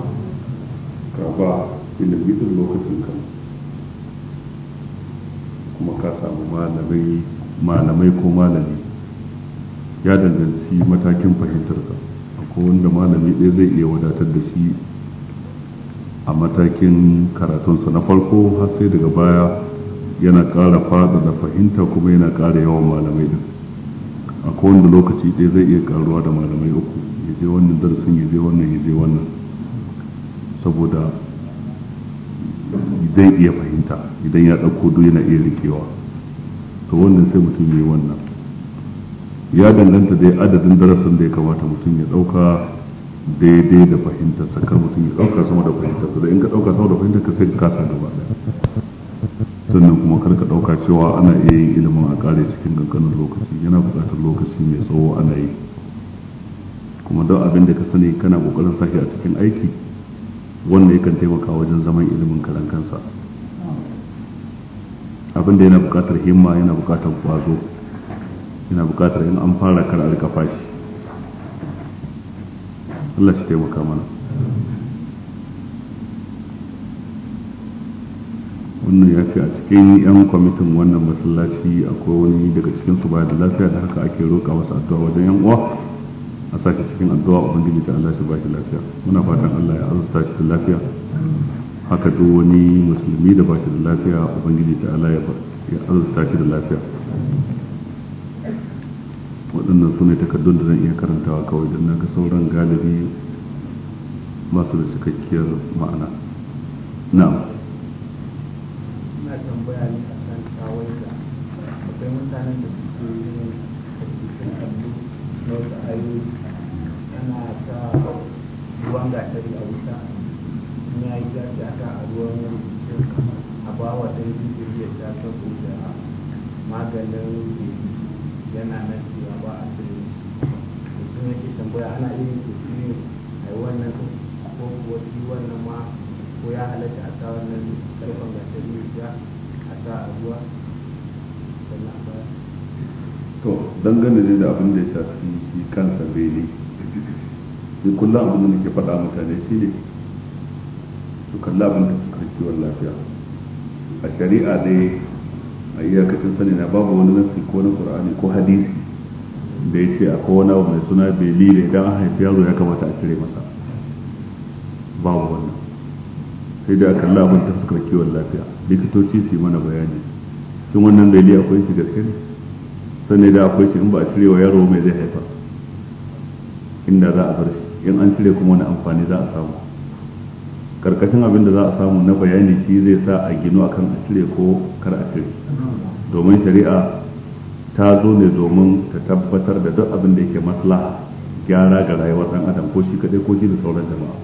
ka ba ilimi din lokacin kan kuma ka samu malamai ko malami ya danganci matakin fahimtar ka ko wanda malami ɗaya zai iya wadatar da shi a matakin karatunsa na farko har sai daga baya yana ƙara fada da fahimta kuma yana ƙara yawan malamai din a kowanne lokaci ɗaya zai iya ƙaruwa da malamai uku ya je wannan darasin ya je wannan ya je wannan saboda zai iya fahimta idan ya ɗauko duk yana iya rikewa to wannan sai mutum ya yi wannan ya danganta da adadin darasin da ya kamata mutum ya dauka daidai da fahimtar sakar mutum ya dauka sama da fahimtar sa da in ka dauka sama da fahimtar ka sai ka kasa gaba sannan kuma kar ka dauka cewa ana iya yin ilimin a kare cikin kankanin lokaci yana buƙatar lokaci mai tsawo ana yi kuma don abin da ka sani kana kokarin sake a cikin aiki wanda yakan taimaka wajen zaman ilimin karan kansa abin da yana buƙatar himma yana buƙatar kwazo yana bukatar in an fara kar a rika Allah shi taimaka mana wannan ya ce a cikin 'yan kwamitin wannan masallaci akwai wani daga cikin su baya da lafiya da haka ake roƙa wasu addu'a wajen yan uwa a sake cikin addu'a ubangiji ta Allah shi ba lafiya muna fatan Allah ya azurta shi da lafiya haka duk wani musulmi da ba shi da lafiya ubangiji ta Allah ya azurta shi da lafiya waɗannan su ne takardun da zan iya karantawa kawai don na sauran galibi masu da cikakkiyar ma'ana na ina tambaya ne a kan da akwai mutanen da suke yin tafsirin abu na wasu ayoyi ana ta ruwan gatari a wuta in ya yi gashi aka a ruwan a bawa ɗan jirgin ya ta da maganin dangane da abin da ya shafi shi kansa bene ni kullum abin da nake faɗa mutane shi ne su kalla abin da suka kiwon lafiya a shari'a dai a iyakacin sani na babu wani nasi ko na qur'ani ko hadisi da ya ce akwai wani abu mai suna beli da idan an haifi yaro ya kamata a cire masa babu wannan sai da aka labin suka kiwon lafiya likitoci su yi mana bayani shin wannan beli akwai shi gaske ne sani da akwai shi in ba a cire wa yaro mai zai haifa inda za a bar in an cire kuma wani amfani za a samu karkashin abin da za a samu na bayani shi zai sa a gino akan a cire ko kar a cire domin shari'a ta zo ne domin ta tabbatar da duk abin da yake maslaha gyara ga rayuwar dan adam ko shi kadai ko shi da sauran jama'a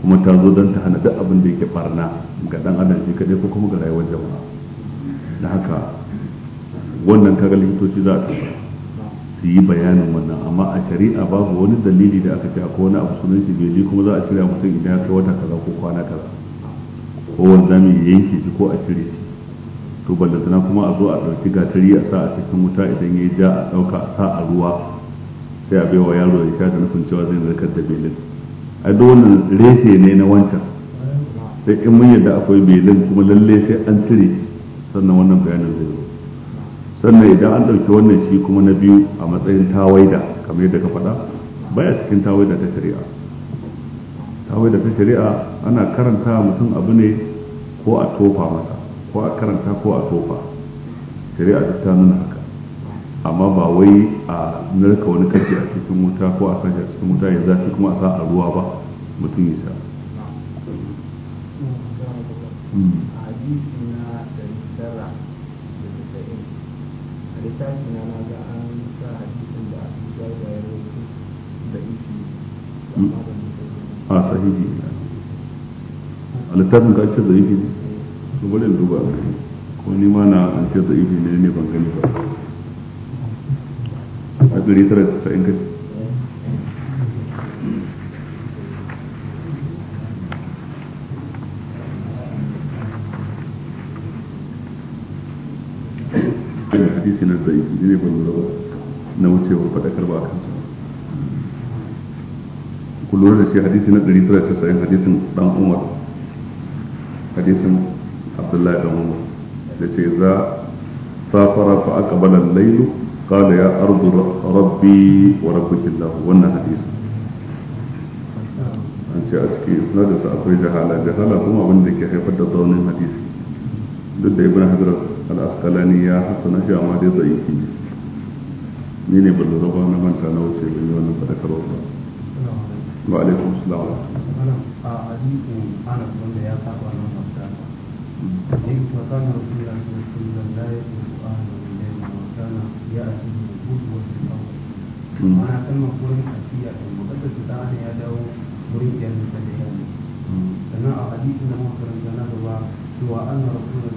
kuma ta zo don ta hana duk abin da yake barna ga dan adam shi kadai ko kuma ga rayuwar jama'a da haka wannan kaga likitoci za a tafi su yi bayanin wannan amma a shari'a babu wani dalili da aka ce akwai wani abu sunan shi bai kuma za a shirya mutum idan ya kai wata kaza ko kwana kaza ko wanda mai yanke shi ko a cire shi to ballantana kuma a zo a ɗauki gatari a sa a cikin wuta idan ya ja a ɗauka a sa a ruwa sai a baiwa yaro ya sha da nufin cewa zai narkar da belin ai duk wannan reshe ne na wancan sai in mun yadda akwai belin kuma lalle sai an cire shi sannan wannan bayanin zai zo sannan idan an ɗauki wannan shi kuma na biyu a matsayin tawaida kamar yadda ka faɗa baya cikin tawaida ta shari'a tawaida ta shari'a ana karanta mutum abu ne ko a tofa masa ko a karanta ko a tofa shari'a duk ta nuna haka amma ba wai a narka wani karfi a cikin wuta ko a sashi a cikin wuta ya zafi kuma a sa a ruwa ba mutum ya sa. Hmm. littafi na na ga an sa hadisin da ya bayar da ishi hmm. a sahihi a littafin ka ce zaifi ne to bari duba ko ni ma na an ce zaifi ne ne ban gani ba a 190 kace bin hadisi na zai ne ban lura na wucewar fadakar ba a kansa ku lura da shi hadisi na 190 hadisin dan umar hadisin abdullahi dan umar da ce za safara fa aka al-layl qala ya ardu rabbi wa rabbuki allah wannan hadisi an ce a cikin da sa akwai jahala jahala kuma abin da ke haifar da tsaunin hadisi duk da ibn hazrat al'askalani ya hasana shi amma dai ni ne ballo zaba na manta na wuce ban yi wannan sadakarwa ba wa alaikum salam ya wa kana wa dawo cewa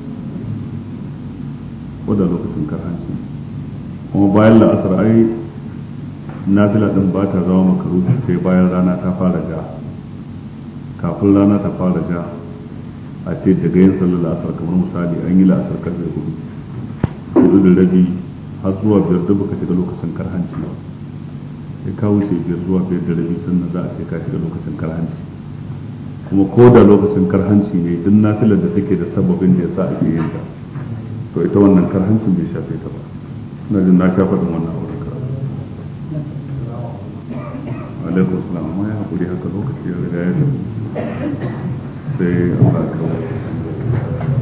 ko da lokacin karhanci kuma bayan la'asar ai nafila din ba ta zama makaruhi sai bayan rana ta fara ja kafin rana ta fara ja a ce daga yin sallar la'asar kamar misali an yi la'asar karfe hudu hudu da rabi har zuwa biyar da baka shiga lokacin karhanci ba sai ka wuce biyar zuwa biyar da rabi sannan za a ce ka shiga lokacin karhanci kuma ko da lokacin karhanci ne duk nafilar da take da sababin da ya sa ake yin ta to ita wannan karhancin bai shafe ta ba na jin na sha faɗin wannan auren ka alaikum salam amma ya haƙuri haka lokaci ya riga ya sai Allah ya